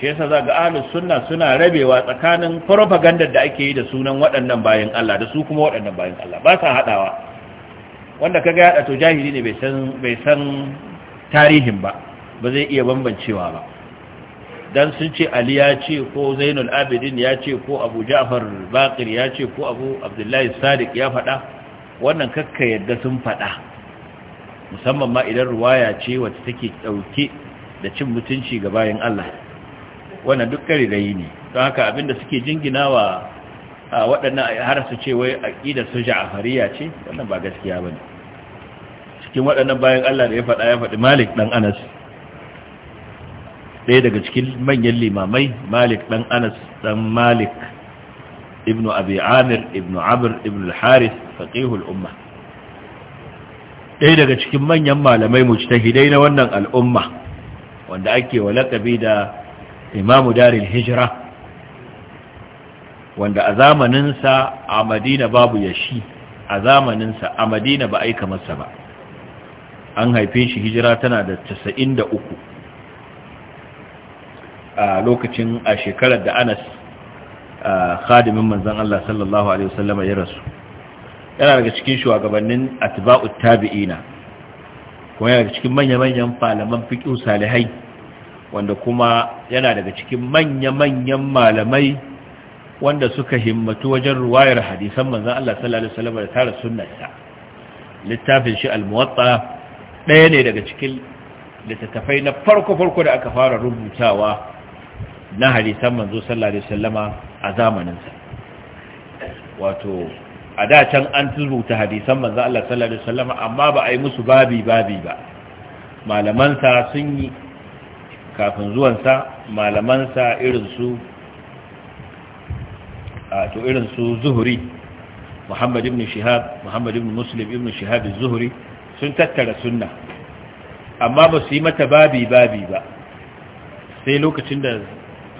shi yasa za ga ahlus sunna suna rabewa tsakanin propaganda da ake yi da sunan waɗannan bayan Allah da su kuma waɗannan bayan Allah ba sa hadawa wanda kaga ya to jahili ne bai san bai san tarihin ba ba zai iya bambancewa ba dan sun ce Ali ya ce ko Zainul Abidin ya ce ko Abu Ja'far Baqir ya ce ko Abu Abdullahi Sadiq ya faɗa wannan kakka yadda sun faɗa musamman ma idan ruwaya ce wacce take dauke da cin mutunci ga bayan Allah wannan duk kare gayi ne don haka abinda suke jinginawa a waɗannan har su ce wai aqida su ja'fariya ce wannan ba gaskiya bane cikin waɗannan bayan Allah da ya faɗa ya faɗi Malik dan Anas ɗaya daga cikin manyan limamai Malik dan Anas dan Malik ibnu Abi Amir ibnu Amr ibnu Al-Harith faqihul ummah ɗaya daga cikin manyan malamai mu hidai na wannan al'umma wanda ake wa laƙabi da imamu daril hijira wanda a zamaninsa a madina babu yashi a zamaninsa a madina ba aika masa ba an haife shi hijira tana da 93 a lokacin a shekarar da anas khadimin manzan Allah sallallahu Alaihi wasallama ya rasu yana daga cikin shugabannin atba'u tabi'ina kuma yana daga cikin manya-manyan falaman fiqhu salihai wanda kuma yana daga cikin manya-manyan malamai wanda suka himmatu wajen ruwayar hadisan manzon Allah sallallahu alaihi wasallam da tare sunnarsa littafin shi al-muwatta ɗaya ne daga cikin littattafai na farko-farko da aka fara rubutawa na hadisan manzo sallallahu alaihi wasallama a zamaninsa wato a da can an rubuta hadisan manzo Allah sallallahu alaihi wasallam amma ba a yi musu babi babi ba malamansa sun yi kafin zuwansa malamansa irin su a to irin su zuhuri Muhammad ibn Shihab Muhammad ibn Muslim ibn Shihab az-Zuhri sun tattara sunna amma ba su yi mata babi babi ba sai lokacin da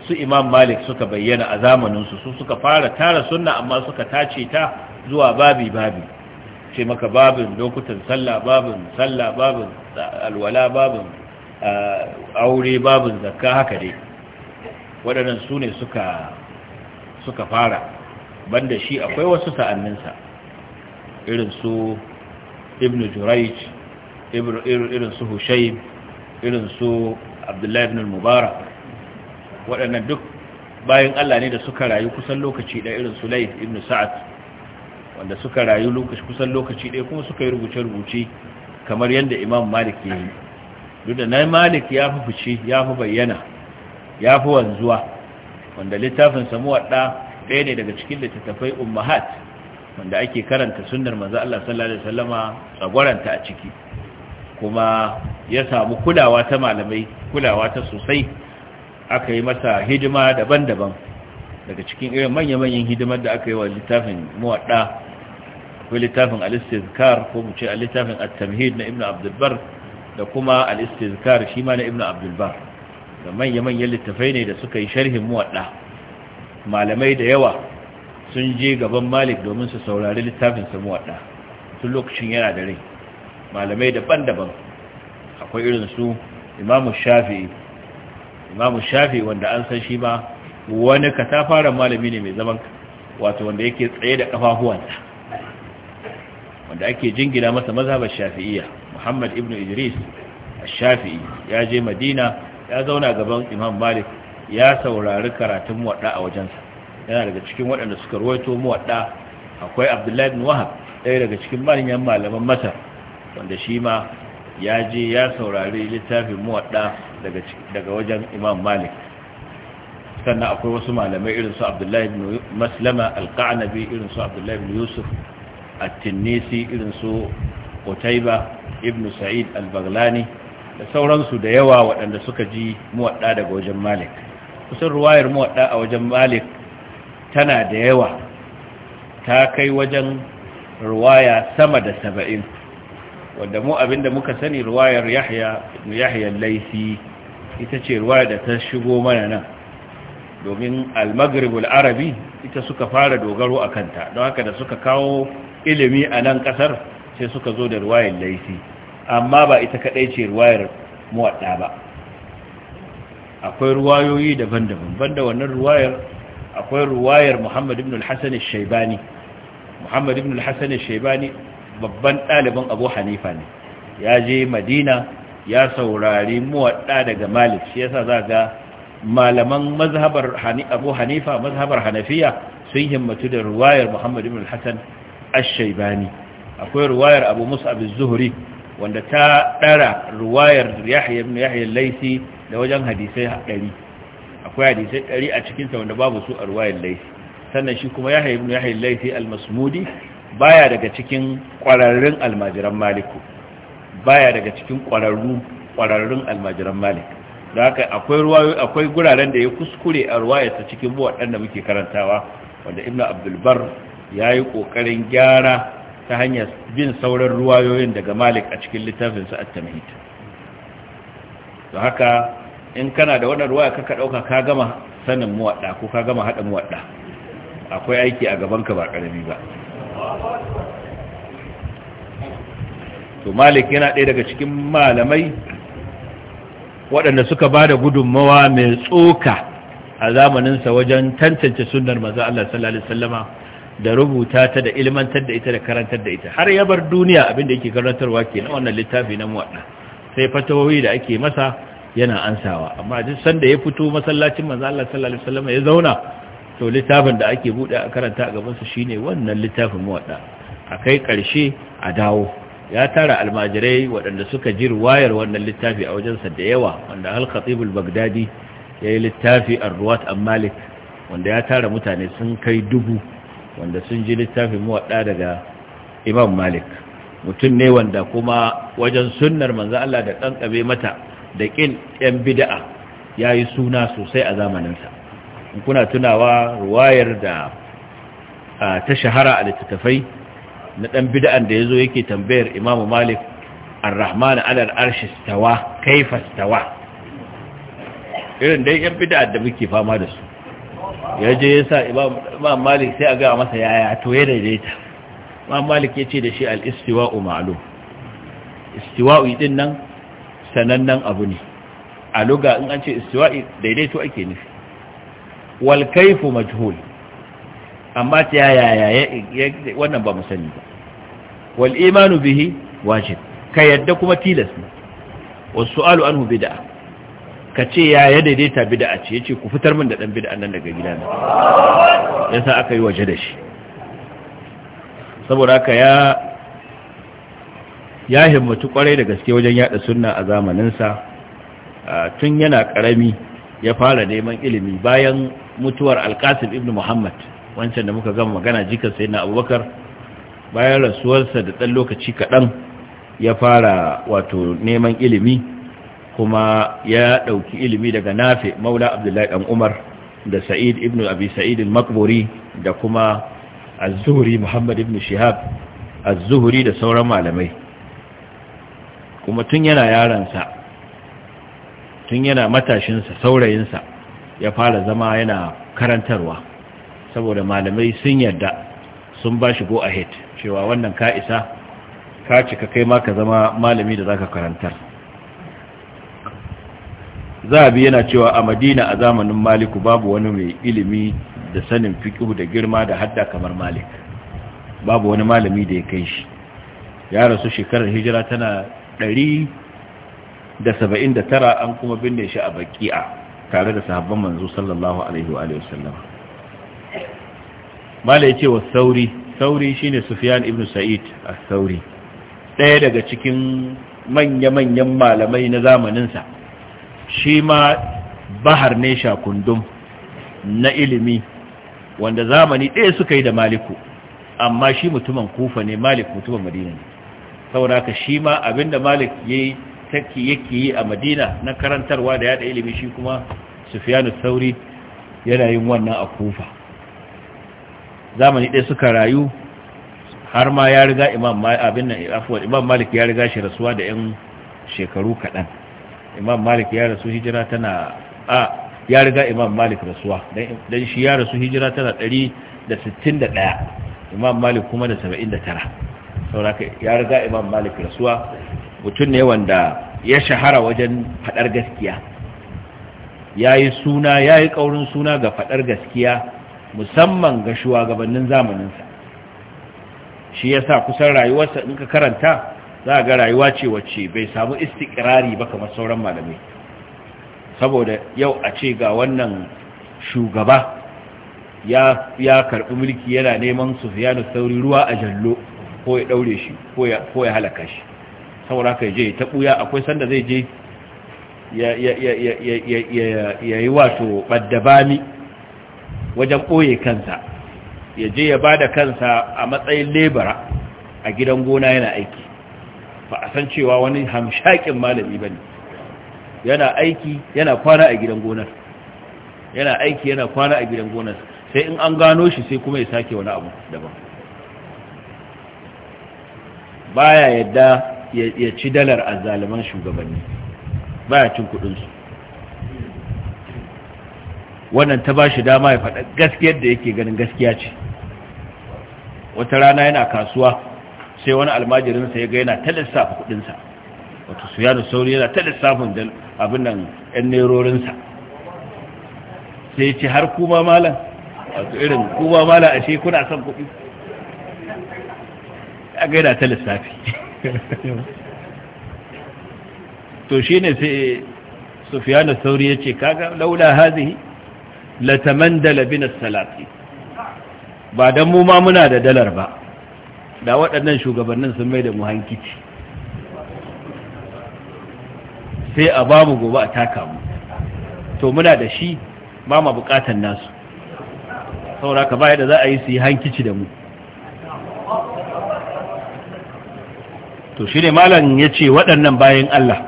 su Imam Malik suka bayyana a zamaninsu su suka fara tara sunna amma suka tace ta zuwa babi babi ce maka babin lokutan sallah babin sallah babin alwala babin aure babin zakka haka dai waɗannan su ne suka fara banda shi akwai wasu sa'anninsa irin su ibn jurayj irin su hushayb irin su abdullahi ibn mubarak waɗannan duk bayan allah ne da suka rayu kusan lokaci ɗaya irin su laif ibn sa'ad wanda suka rayu lokaci kusan lokaci ɗaya kuma suka yi rubuce-rubuce kamar yadda imam malik ya yi duk da na malik ya fi fice ya fi bayyana ya fi wanzuwa wanda littafin samu waɗa ɗaya ne daga cikin littattafai ummahat wanda ake karanta sunnar maza Allah sallallahu alaihi wasallama tsagwaranta a ciki kuma ya samu kulawa ta malamai kulawa ta sosai aka yi masa hidima daban-daban daga cikin irin manya-manyan hidimar da aka yi wa littafin muwaɗa akwai littafin al-istizkar ko mu ce littafin at-tamhid na ibn abdulbar da kuma al-istizkar shi ma na ibn abdulbar da manya-manyan littafai ne da suka yi sharhin muwaɗa malamai da yawa sun je gaban malik domin su saurari littafin sa muwaɗa tun lokacin yana da rai malamai daban-daban akwai irin su imamu shafi'i imamu shafi'i wanda an san shi ba wani katafaren malami ne mai zaman wato wanda yake tsaye da kafafuwansa wanda ake jingina masa mazhabar shafi'iyya Muhammad ibn Idris ash-Shafi'i ya je Madina ya zauna gaban Imam Malik ya saurari karatun muwadda a wajensa yana daga cikin waɗanda suka ruwaito muwadda akwai Abdullah ibn Wahab ɗaya daga cikin manyan malaman Masar wanda shi ma ya je ya saurari littafin muwadda daga daga wajen Imam Malik sannan akwai wasu malamai irin su abdullahi ibn maslama alqanabi irin su abdullahi ibn yusuf at-tinnisi irin su qutayba ibn sa'id al-baghlani da sauransu da yawa waɗanda suka ji muwadda daga wajen malik kusan ruwayar muwadda a wajen malik tana da yawa ta kai wajen ruwaya sama da saba'in wanda mu abinda muka sani ruwayar yahya ibn yahya ita ce ruwayar da ta shigo mana nan domin almagribul arabi ita suka fara dogaro a kanta don haka da suka kawo ilimi a nan kasar sai suka zo da ruwayar laifi amma ba ita kadai ce ruwayar muwadda ba akwai ruwayoyi daban-daban banda wannan ruwayar akwai ruwayar muhammad ibn al-hassan shaibani muhammad ibn al-hassan shaibani babban ɗaliban abu hanifa ne ya je madina ya saurari muwadda daga malik shi yasa za ga malaman mazhabar abu hanifa mazhabar hanafiya sun himmatu da ruwayar Muhammadu ibn hassan ash akwai ruwayar abu mus'ab az wanda ta ɗara ruwayar yahya ibn yahya laisi da wajen hadisai ɗari akwai hadisai ɗari a cikin wanda babu su a ruwayar laisi sannan shi kuma yahya ibn yahya laisi Almasmudi baya daga cikin kwararrun almajiran maliku baya daga cikin kwararru kwararrun almajiran maliku da haka akwai ruwayo akwai guraren da ya kuskure a ruwayarsa cikin muwaddan da muke karantawa wanda ibn abdul bar yi ƙoƙarin gyara ta hanyar bin sauran ruwayoyin daga malik a cikin littafin sa at-tamhid haka in kana da wannan ruwaya kaka ɗauka, ka gama sanin muwaɗa ko ka gama haɗa muwaɗa, akwai aiki a gaban ka ba ƙarami ba to malik yana ɗaya daga cikin malamai waɗanda suka ba da gudunmawa mai tsoka a zamaninsa wajen tantance sunnar maza Allah sallallahu Alaihi da rubuta ta da ilmantar da ita da karantar da ita har ya bar duniya abinda yake karantarwa ke na wannan littafi na muwaɗa sai fatawoyi da ake masa yana ansawa amma duk sanda ya fito masallacin maza Allah sallallahu Alaihi ya zauna to littafin da ake buɗe a karanta a gabansa shine wannan littafin muwaɗa a kai ƙarshe a dawo ya tara almajirai waɗanda suka ji ruwayar wannan littafi a wajensa da yawa wanda al-khatibul bagdadi ya yi littafi a ruwat malik wanda ya tara mutane sun kai dubu wanda sun ji littafin muwaɗa daga imam malik mutum ne wanda kuma wajen sunnar manzan Allah da Ɗanƙabe mata da ƙin 'yan bida'a ya yi suna sosai a zamaninsa in kuna tunawa ruwayar da ta shahara a littattafai na ɗan bida'an da ya zo yake tambayar Imam Malik Ar-Rahman 'ala arshi stawa kaifa stawa irin dai yan bida'ar da muke fama da su ya je ya sa imamu Malik sai a gawa masa yaya to ya daidaita imamu Malik ya ce da shi al-istiwa'u istiwa istiwa'u din nan sanannen abu ne a luga in an ce istiwa'i daidaito ake nufi wal kaifu majhul amma ta yaya ya wannan ba mu sani ba wal imanu bihi wajib ka yadda kuma tilas ne su'alu anhu bid'a ka ce ya ya daidaita bid'a ce yace ku fitar min da dan bid'a nan daga gida na yasa aka yi waje da shi saboda haka ya ya himmatu kwarai da gaske wajen yada sunna a zamanin sa tun yana karami ya fara neman ilimi bayan mutuwar alqasim ibnu muhammad wancan da muka gama magana jika sai na abubakar bayan rasuwarsa da ɗan lokaci kaɗan ya fara wato neman ilimi kuma ya ɗauki ilimi daga nafe maula abdullahi ɗan umar da sa'id ibn abi sa'id makburi da kuma az-zuhri muhammad ibn shihab az-zuhri da sauran malamai kuma tun yana yaransa tun yana matashinsa saurayinsa ya fara zama yana karantarwa saboda malamai sun yarda sun ba shi go ahead cewa wannan ka isa ka cika kai ma ka zama malami da za ka karantar Za a yana cewa a madina a zamanin maliku babu wani mai ilimi da sanin fiqh da girma da hadda kamar malik babu wani malami da ya kai shi ya rasu shekarar hijira tana 179 an kuma binne shi a baki'a tare da sahabban manzo sallallahu alaihi wa alihi mala ce wa sauri sauri shine sufyan ibn sa'id as-sauri ɗaya daga cikin manya-manyan malamai na zamaninsa shi ma bahar ne shakundum na ilimi wanda zamani ɗaya suka yi da maliku amma shi mutumin kufa ne malik mutumin madina ne saboda ka shi ma abinda malik yayi yake yi a madina na karantarwa da yada ilimi shi kuma sufyanu sauri yana yin wannan a kufa zamani ɗaya suka rayu har ma ya riga imam abin nan afuwa imam malik ya riga shi rasuwa da yan shekaru kaɗan imam malik ya rasu hijira tana a ya riga imam malik rasuwa don shi ya rasu hijira tana 161 imam malik kuma da 79 sauraka ya riga imam malik rasuwa mutum ne wanda ya shahara wajen faɗar gaskiya ya yi suna ya yi ƙaurin suna ga faɗar gaskiya musamman ga shugabannin zamaninsa shi ya sa kusan rayuwarsa in ka karanta za ga rayuwa ce wacce bai samu istikirari ba kamar sauran malamai saboda yau a ce ga wannan shugaba ya, ya karɓi mulki yana neman sufiyanu sauri ruwa a jallo ko ya ɗaure shi ko ya halaka shi saboda ka je ta ɓuya akwai sanda zai je ya yi wato ɓaddabami wajen ɓoye kansa ya je ya ba da kansa a matsayin lebara a gidan gona yana aiki ba a san cewa wani hamshakin malami ba ne yana aiki yana kwana a gidan gonar yana aiki yana kwana a gidan gonar sai in an gano shi sai kuma ya sake wani abu daban baya yadda ya ci dalar a azzaluman shugabanni baya cin kudinsu wannan ta ba shi dama ya faɗa gaskiyar da yake ganin gaskiya ce wata rana yana kasuwa sai wani almajirinsa ya ga yana ta lissafa kudinsa wato su yana sauri yana ta lissafin abin nan yan nerorinsa sai ce har kuma malam wato irin kuma malam ashe kuna son kuɗi ya ga yana ta lissafi *laughs* to shi ne sai sufiyanu sauri ya ce kaga laula hazihi latamandala bin salati ba dan mu ma muna da dalar ba da waɗannan shugabannin sun mai da mu hankici sai a ba mu gobe a taka mu to muna da shi ba ma bukatan nasu ka baya da za a yi su yi hankici da mu to shi ne malam ya ce waɗannan bayan Allah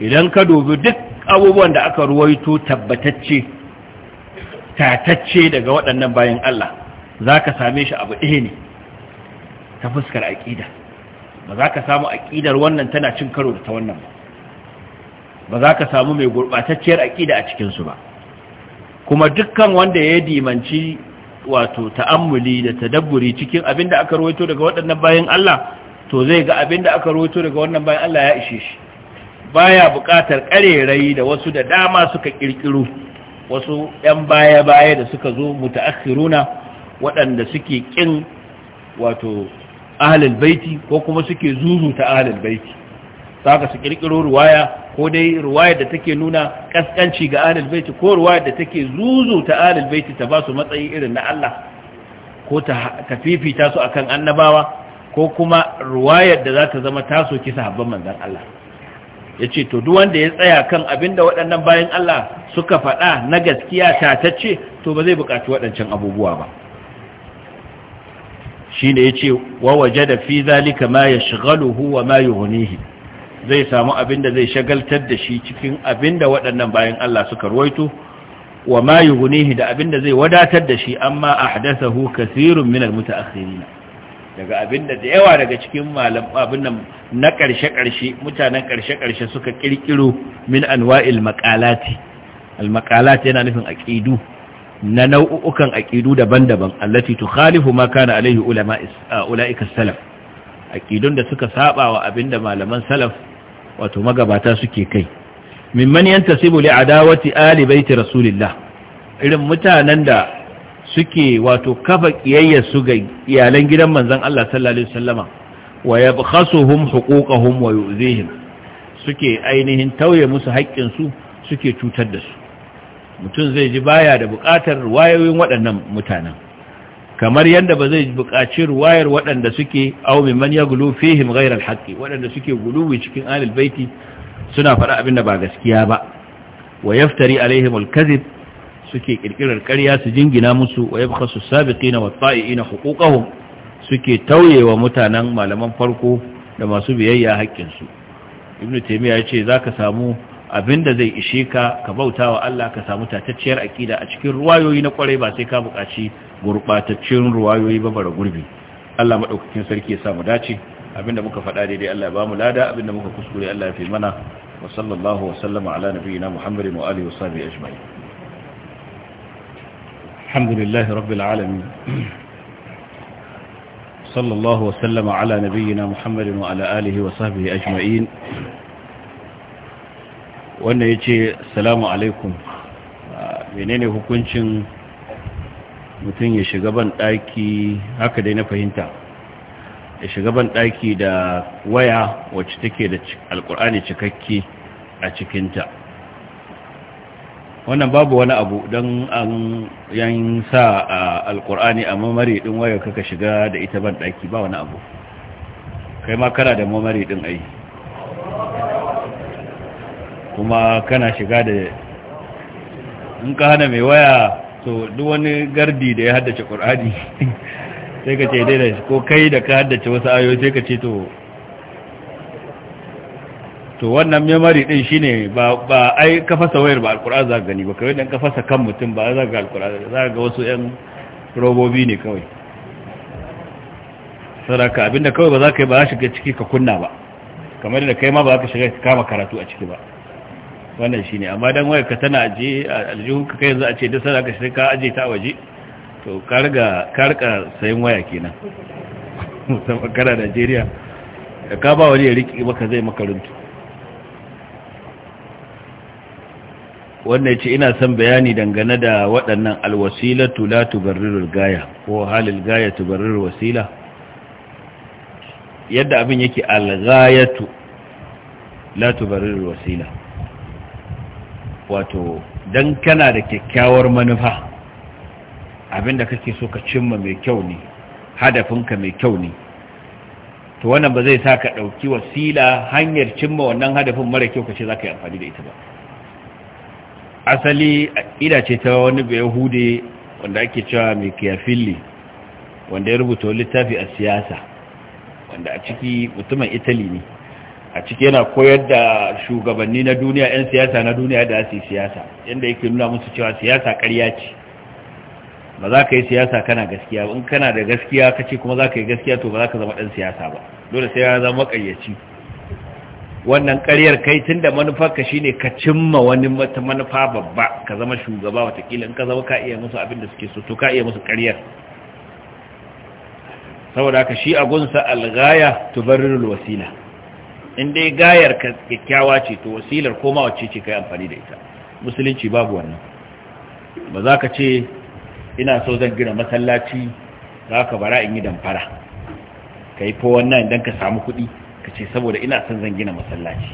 idan ka dubi duk abubuwan da aka ruwaito tabbatacce tatacce daga waɗannan bayan Allah za ka same shi abu ɗaya ne ta fuskar aƙida ba za ka samu aƙidar wannan tana cin karo da ta wannan ba ba za ka samu mai gurɓatacciyar aƙida a cikinsu ba kuma dukkan wanda ya dimanci wato ta'ammuli da tadabburi cikin abin da aka ruwaito daga waɗannan bayan Allah to zai ga abin da aka ruwaito daga wannan bayan Allah ya ishe shi baya buƙatar ƙarerai da wasu da dama suka ƙirƙiro wasu 'yan baya-baya da suka zo mutaakhiruna waɗanda suke ƙin wato ahlul baiti ko kuma suke zuzuta ahlul baiti saka su ƙirƙiro ruwaya ko dai ruwayar da take nuna ƙasƙanci ga ahlul baiti ko ruwayar da take zuzuta ahlul baiti ta ba su matsayi irin na Allah ko ta fifita su akan annabawa ko kuma ruwayar da za ta zama taso kisa habban manzan Allah ya ce to duk wanda ya tsaya kan abinda waɗannan bayan Allah suka faɗa na gaskiya tatacce to ba zai buƙaci waɗancan abubuwa ba shi ne ya ce wa waje da fi zalika ma ya shigaluhu wa ma yuhunihi zai samu abinda zai shagaltar da shi cikin abinda waɗannan bayan Allah suka ruwaito wa ma yuhunihi da abinda zai wadatar da shi amma ahdathahu kathirun mutu al-mutaakhirin daga abinda da yawa daga cikin malam abin nan na ƙarshe karshe mutanen karshe-karshe suka kirkiro min anwa'il maqalati al maqalati yana nufin aqidu na nau'ukan aqidu daban-daban allati tukhalifu ma kana alaihi ulama uh, ulaika salaf aqidun da suka saba wa abinda malaman salaf wato magabata suke kai mimman yantasibu li adawati ali baiti rasulillah irin mutanen da suke wato kafa kiyayya su ga iyalan gidan manzon Allah sallallahu alaihi wasallama wa yabkhasuhum huquqahum wa yu'zihim suke ainihin tauye musu haƙƙin su suke cutar da su mutum zai ji baya da buƙatar wayoyin waɗannan mutanen kamar yadda ba zai buƙaci ruwayar waɗanda suke aw mimman yaghlu fihim ghayra al waɗanda suke guluwi cikin ahlul baiti suna faɗa abin da ba gaskiya ba wa yaftari alaihim suke kirkirar ƙarya su jingina musu wa yabkhasu na wa ta'iina huquqahum suke tauyewa mutanen malaman farko da masu biyayya Ibn su ibnu ce, za zaka samu abinda zai ishe ka ka bautawa Allah ka samu tatacciyar akida a cikin ruwayoyi na kwarai ba sai ka buƙaci gurbataccen ruwayoyi ba bara gurbi Allah maɗaukakin sarki ya samu dace abinda muka faɗa daidai Allah ya bamu lada abinda muka kuskure Allah ya fi mana wa sallallahu wa sallama ala nabiyyina Muhammadin wa alihi wa sahbihi ajma'in الحمد لله رب العالمين صلى الله وسلم على نبينا محمد وعلى آله وصحبه أجمعين ya ce salamu alaikum menene hukuncin mutum ya shiga ban dai na fahimta ya shiga ban da waya wacce take da Alƙur'ani cikakke a cikinta wannan babu wani abu don an yan sa a alkur'ani a mamari ɗin waya kaka shiga da ita ban ɗaki ba wani abu kai ma kana da mamari ɗin ai kuma kana shiga da in ka hana mai waya to duk wani gardi da ya haddace ƙur'ani *laughs* sai ka ce dai da ko kai da ka haddace wasu ayoyi sai ka ce to to wannan memory din shine ba ba ai ka fasa wayar ba alquran za gani ba kawai dan ka fasa kan mutum ba za ga alquran za ka ga wasu ɗan robobi ne kawai saraka abinda kawai ba za ka yi ba za shiga ciki ka kunna ba kamar da kai ma ba za ka shiga ka kama karatu a ciki ba wannan shine amma dan wayar ka tana aje aljihun ka kai yanzu a ce duk sai ka aje ta waje to ka riga ka riga sayin waya kenan *laughs* musamman kana Najeriya ka ba wani ya riƙe maka zai maka wanda ya ce ina son bayani dangane da waɗannan alwasilatu la tubarrirul gaya ko halil gaya tubarrirul wasila yadda abin yake algayatu la tubarrirul wasila wato dan kana da kyakkyawar manufa abin da kake so ka cimma mai kyau ne hadafinka mai kyau ne to wannan ba zai sa ka ɗauki wasila hanyar cimma wannan hadafin mara kyau ka ce za ka yi amfani da ita ba asali ida ce ta wani bai hude wanda ake cewa mai kiyafilli wanda ya rubuta littafi a siyasa wanda a ciki mutumin italy ne a ciki yana koyar da shugabanni na duniya 'yan siyasa na duniya da su siyasa yadda yake nuna musu cewa siyasa karya ce ba za ka yi siyasa kana gaskiya in kana da gaskiya kace kuma za ka yi gaskiya to ba za ka zama ɗan siyasa ba dole sai ya zama ƙayyaci wannan ƙaryar kai tun da manufarka shi ne ka cimma wani manufa babba ka zama shugaba watakila in ka zama ka iya musu abin da suke so to ka iya musu ƙaryar saboda ka shi agunsa algaya tubarrul wasila in dai gayar ka kyakkyawa ce to wasilar koma wacce ce kai amfani da ita musulunci babu wannan ba za ka ce ina so zan gina masallaci za ka bara in yi damfara ka yi fo wannan idan ka samu kuɗi ka ce saboda ina son zan gina masallaci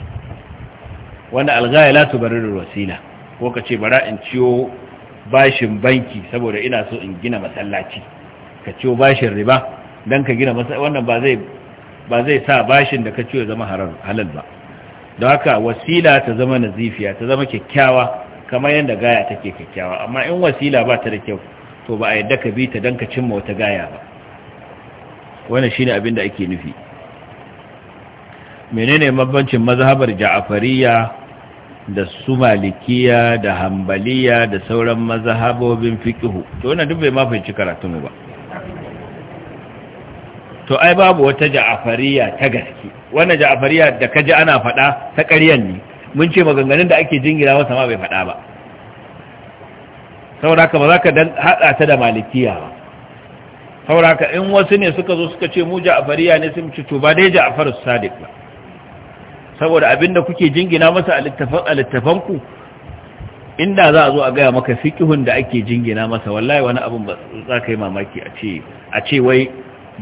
wanda algaya la da wasila ko ka ce bara in ciyo bashin banki saboda ina so in gina masallaci ka ciyo bashin riba dan ka gina masallaci wannan ba zai sa bashin da ka ciyo zama halal ba don haka wasila ta zama nazifiya ta zama kyakkyawa kamar yadda gaya take kyakkyawa amma in wasila ba ta da kyau to ba a yadda ka bi ta don ka cimma wata gaya ba wannan shine abin da ake nufi menene mabancin mazhabar ja'afariya da su malikiya da hambaliya da sauran mazhabobin fikihu to wannan duk bai ma fahimci karatunmu ba to ai babu wata ja'afariya ta gaske wannan ja'afariya da kaji ana faɗa ta ƙaryan ne mun ce maganganun da ake jingira masa ma bai faɗa ba saboda ka ba za ka haɗa ta da malikiya ba ka in wasu ne suka zo suka ce mu ja'afariya ne sun ci to ba dai ja'afar sadiq ba saboda abin da kuke jingina masa a littafanku inda za a zo a gaya maka fikihun da ake jingina masa wallahi wani abin ba za ka yi mamaki a ce wai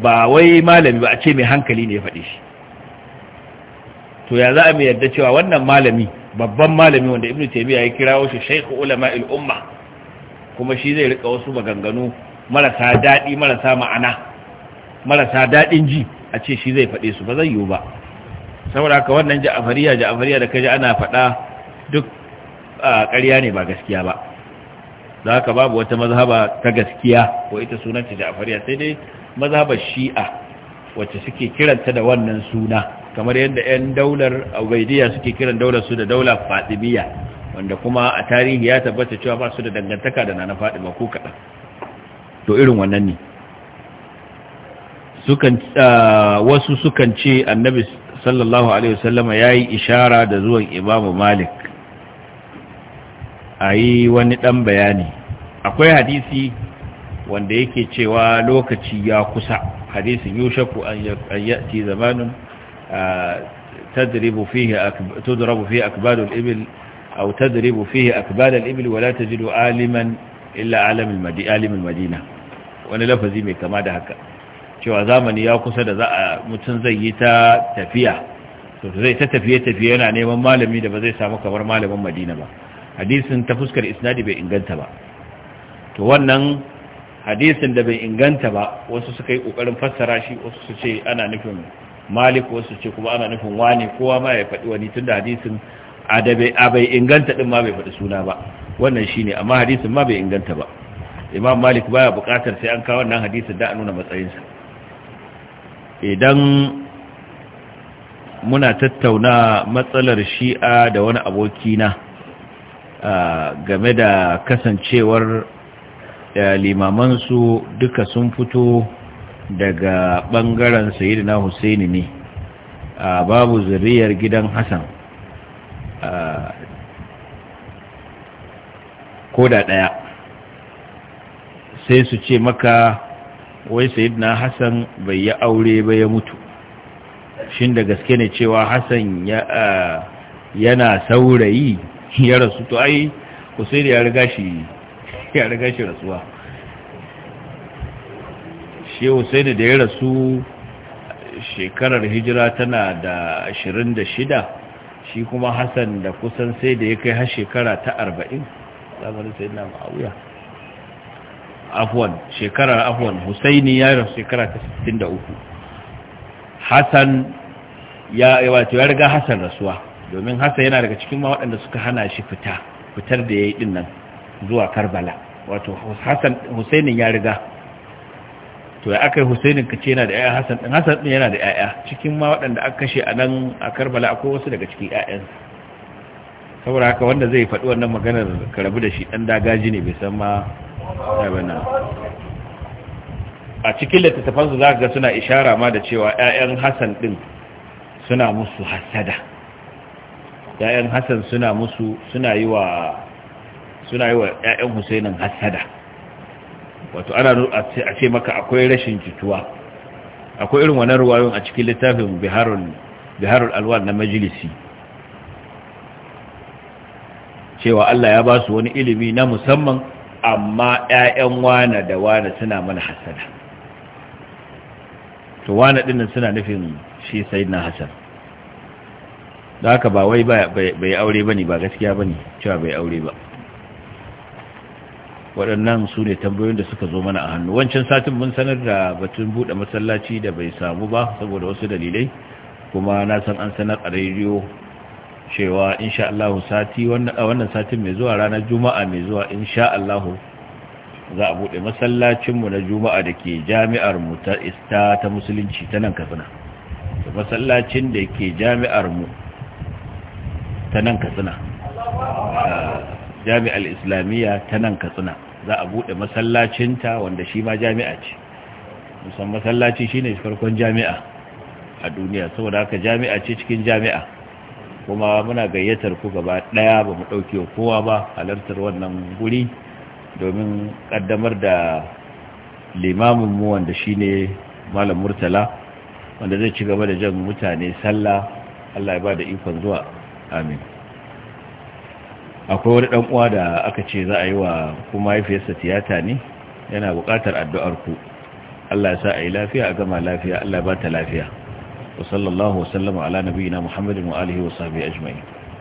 ba wai malami ba a ce mai hankali ne ya faɗi shi to ya za a mai yarda cewa wannan malami babban malami wanda ibnu taymiya ya kira shi shaykhu ulama'il umma kuma shi zai rika wasu maganganu marasa daɗi marasa ma'ana marasa daɗin ji a ce shi zai faɗe su ba zai yiwu ba saboda haka wannan ja'afariya ja'afariya da kaji ana faɗa duk a ƙarya ne ba gaskiya ba Za haka babu wata mazhaba ta gaskiya ko ita sunanta ja'afariya sai dai mazhabar shi'a wacce suke kiranta da wannan suna kamar yadda 'yan daular ubaidiyya suke kiran daular su da daular fatimiyya wanda kuma a tarihi ya tabbata cewa ba su da dangantaka da nana ba ko kaɗan to irin wannan ne wasu sukan ce annabi sallallahu alaihi wasallama ya yi ishara da zuwan imamu malik a yi wani ɗan bayani akwai hadisi wanda yake cewa lokaci ya kusa hadisin yushaku an yati zamanin تدرب فيه أكب... تضرب فيه أكباد الإبل cewa zamani ya kusa da za a mutum zai yi ta tafiya to zai ta tafiye-tafiye yana neman malami da ba zai samu kamar malamin madina ba hadisin ta fuskar isnadi bai inganta ba to wannan hadisin da bai inganta ba wasu suka yi kokarin fassara shi wasu su ce ana nufin malik wasu ce kuma ana nufin wani kowa ma ya faɗi wani tunda hadisin a bai inganta din ma bai faɗi suna ba wannan shine amma hadisin ma bai inganta ba imam malik baya buƙatar sai an kawo wannan hadisin da a nuna matsayinsa idan muna tattauna matsalar shi'a da wani abokina game da kasancewar eh, limamansu duka sun fito daga ɓangaren sayidina husaini ne babu zuriyar gidan hassan ko da ɗaya sai su ce maka wai Sayidina Hassan bai ya aure ba ya mutu shin da gaske ne cewa Hassan ya yana saurayi *laughs* ya rasu to ai sai ya riga shi *laughs* ya riga shi rasuwa shi sai da ya rasu shekarar hijira tana da 26 shi kuma Hassan da kusan sai da ya kai har shekara ta 40 zamanin sayyidina Muawiya afwan shekarar afwan husaini ya rasu shekara ta 63 hasan ya wato ya riga hasan rasuwa domin hasan yana daga cikin waɗanda suka hana shi fita fitar da ya yi dinnan zuwa karbala wato hasan husainin ya riga to ya aka yi husainin kace yana da 'ya'ya hasan ɗin hasan ɗin yana da 'ya'ya cikin ma waɗanda aka kashe a nan a karbala akwai wasu daga cikin 'ya'yansa saboda haka wanda zai faɗi wannan maganar karabu da shi ɗan dagaji ne bai san ma a cikin littattafansu za ga suna ishara ma da cewa 'ya'yan hassan din suna musu hasada ‘ya'yan hassan suna musu yi wa suna yi wa ‘ya'yan husainin hasada wato ana a ce maka akwai rashin jituwa akwai irin wani ruwayon a cikin littafin biharul alwal na majalisi cewa Allah ya ba su wani ilimi na musamman amma ‘ya'yan wana da wana suna mana hasada to wana ɗinnan suna nufin shi sai na hasan da haka ba wai bai aure ba ne ba gaskiya ba ne cewa bai aure ba waɗannan su ne tambayoyin da suka zo mana a hannu wancan satin mun sanar da batun buɗe masallaci da bai samu ba saboda wasu dalilai kuma na san an sanar a rediyo cewa insha Allah sati wannan satin mai zuwa ranar juma'a mai zuwa insha Allah za a bude masallacinmu na juma'a da ke jami'ar mu ta ista ta musulunci ta nan katsina masallacin da ke jami'ar mu ta nan katsina ah, jami'ar islamiyya ta nan katsina za a bude masallacinta wanda shi ma jami'a ce musamman masallaci shine farkon jami'a a duniya saboda haka jami'a ce cikin jami'a kuma muna gayyatar ku gaba ɗaya ba mu dauke kowa ba halartar wannan guri domin ƙaddamar da limamin mu wanda shine malam murtala wanda zai ci gaba da jan mutane sallah Allah ya ba da ikon zuwa amin akwai wani dan uwa da aka ce za a yi wa kuma haifiyarsa tiyata ne yana buƙatar addu'ar ku Allah ya sa a yi lafiya a gama lafiya Allah ya ba ta lafiya وصلى الله وسلم على نبينا محمد وآله وصحبه أجمعين